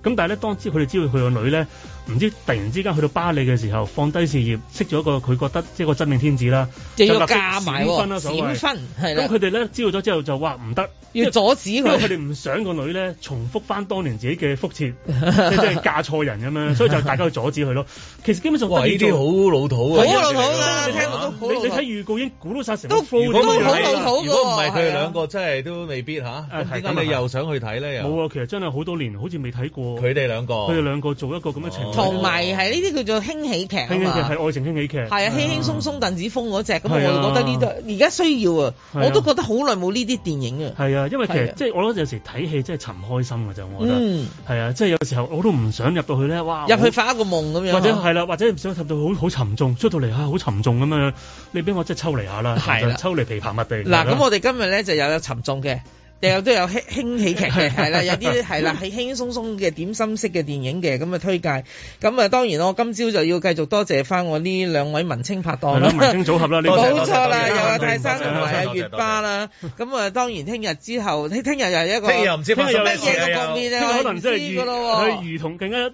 咁但係咧，當知佢哋知道佢個女咧，唔知突然之間去到巴黎嘅時候，放低事業，識咗個佢覺得即係個真命天子啦，就要個嫁埋㗎，閃婚啊所謂。咁佢哋咧知道咗之後就話唔得，要阻止佢，因為佢哋唔想個女咧重複翻當年自己嘅覆轍，即係嫁錯人咁樣，所以就大家去阻止佢咯。其實基本上哇呢啲好老土啊，好老土啊！你你睇預告已經估到晒成，如果好老土，如果唔係佢哋兩個真係都未必嚇。點解你又想去睇咧？冇啊！其實真係好多年好似未睇過。佢哋兩個，佢哋兩個做一個咁嘅情況，同埋係呢啲叫做輕喜劇，輕喜劇係愛情輕喜劇，係啊輕輕鬆鬆。鄧子峰嗰隻咁，我覺得呢對而家需要啊，我都覺得好耐冇呢啲電影啊。係啊，因為其實即係我覺得有時睇戲真係尋開心嘅就，我覺得係啊，即係有時候我都唔想入到去咧，哇！入去發一個夢咁樣，或者係啦，或者唔想入到好好沉重，出到嚟啊好沉重咁樣，你俾我即係抽離下啦，抽離琵琶蜜地。嗱咁，我哋今日咧就有沉重嘅。又有都有輕輕喜劇嘅，係啦，有啲係啦，係輕鬆鬆嘅點心式嘅電影嘅，咁啊推介。咁啊當然我今朝就要繼續多謝返我呢兩位文青拍檔啦，文青組合啦，冇錯啦，有阿泰山同埋阿月巴啦。咁啊當然聽日之後，聽聽日又一個聽日又唔知拍咩嘢嘅局面咧，唔知㗎咯。可能兒童更加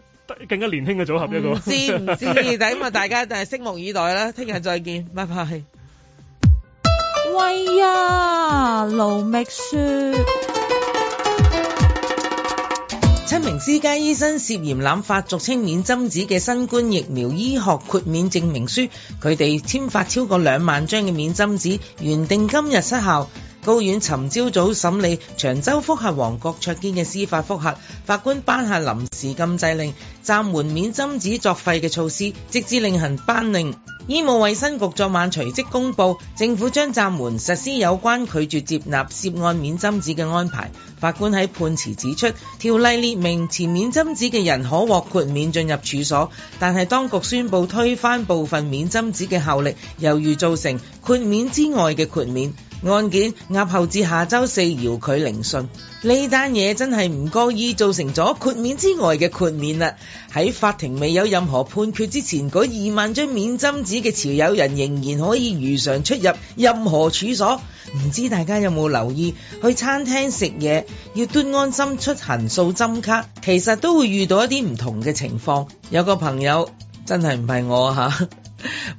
更加年輕嘅組合一個，唔知唔知，但係咁啊大家就係拭目以待啦。聽日再見，拜拜。喂、哎、呀，盧覓雪。七名私家醫生涉嫌濫發俗稱免針紙嘅新冠疫苗醫學豁免證明書，佢哋簽發超過兩萬張嘅免針紙，原定今日失效。高院尋朝早審理長洲覆核王郭卓堅嘅司法覆核，法官頒下臨時禁制令暫緩免針紙作廢嘅措施，直至另行頒令。醫務衛生局昨晚隨即公布，政府將暫緩實施有關拒絕接納涉案免針紙嘅安排。法官喺判詞指出，條例列明前免針紙嘅人可獲豁免進入處所，但係當局宣布推翻部分免針紙嘅效力，猶如造成豁免之外嘅豁免。.案件押後至下周四遙距聆訊。呢單嘢真係唔覺意，造成咗豁免之外嘅豁免啦。喺法庭未有任何判決之前，嗰二萬張免針紙嘅持有人仍然可以如常出入任何處所。唔知大家有冇留意，去餐廳食嘢要端安心出行掃針卡，其實都會遇到一啲唔同嘅情況。有個朋友真係唔係我吓。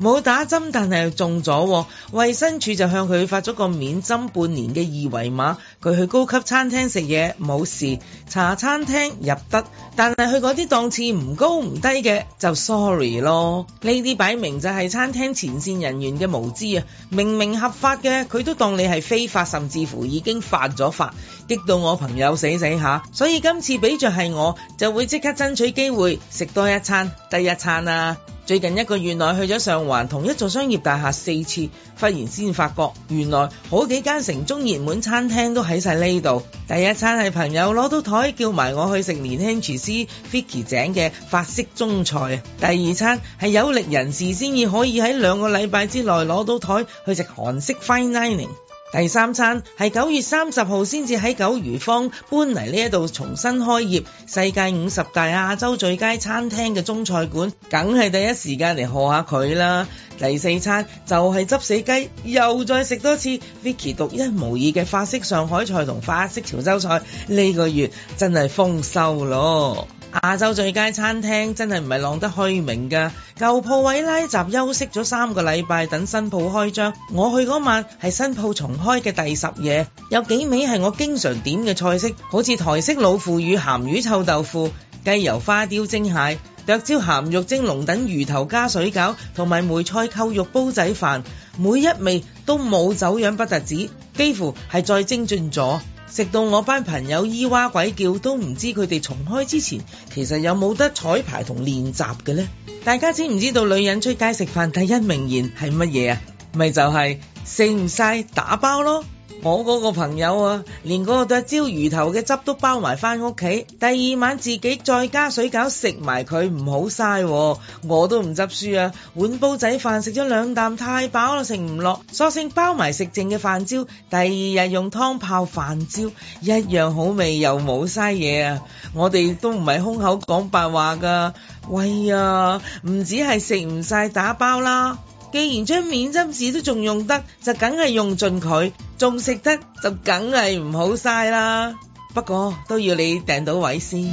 冇打針，但係中咗，衛生署就向佢發咗個免針半年嘅二維碼。佢去高級餐廳食嘢冇事，茶餐廳入得，但係去嗰啲檔次唔高唔低嘅就 sorry 咯。呢啲擺明就係餐廳前線人員嘅無知啊！明明合法嘅，佢都當你係非法，甚至乎已經犯咗法，激到我朋友死死下。所以今次畀著係我，就會即刻爭取機會食多一餐得一餐啊！最近一個月內去咗上環同一座商業大廈四次，忽然先發覺原來好幾間城中熱門餐廳都喺晒呢度。第一餐係朋友攞到台叫埋我去食年輕廚師 Vicky 井嘅法式中菜，第二餐係有力人士先至可以喺兩個禮拜之內攞到台去食韓式 Fine Dining。第三餐，係九月三十號先至喺九如坊搬嚟呢一度重新開業，世界五十大亞洲最佳餐廳嘅中菜館，梗係第一時間嚟賀下佢啦。第四餐就係、是、執死雞，又再食多次。Vicky 獨一無二嘅法式上海菜同法式潮州菜，呢、這個月真係豐收咯。亞洲最佳餐廳真係唔係浪得虛名㗎，舊鋪位拉閘休息咗三個禮拜，等新鋪開張。我去嗰晚係新鋪重開嘅第十夜，有幾味係我經常點嘅菜式，好似台式老腐乳鹹魚臭豆腐、雞油花雕蒸蟹、剁椒鹹肉蒸龍躉魚頭加水餃，同埋梅菜扣肉煲仔飯，每一味都冇走樣不特止，幾乎係再精進咗。食到我班朋友咿哇鬼叫，都唔知佢哋重開之前，其實有冇得彩排同練習嘅咧？大家知唔知道女人出街食飯第一名言係乜嘢啊？咪就係食唔晒打包咯。我嗰個朋友啊，連嗰個剁椒魚頭嘅汁都包埋返屋企，第二晚自己再加水餃食埋佢，唔好嘥。我都唔執輸啊，碗煲仔飯食咗兩啖太飽啦，食唔落，索性包埋食剩嘅飯焦，第二日用湯泡飯焦，一樣好味又冇嘥嘢啊！我哋都唔係空口講白話噶，喂啊，唔止係食唔晒打包啦。既然張免針紙都仲用得，就梗係用盡佢，仲食得就梗係唔好嘥啦。不過都要你訂到位先。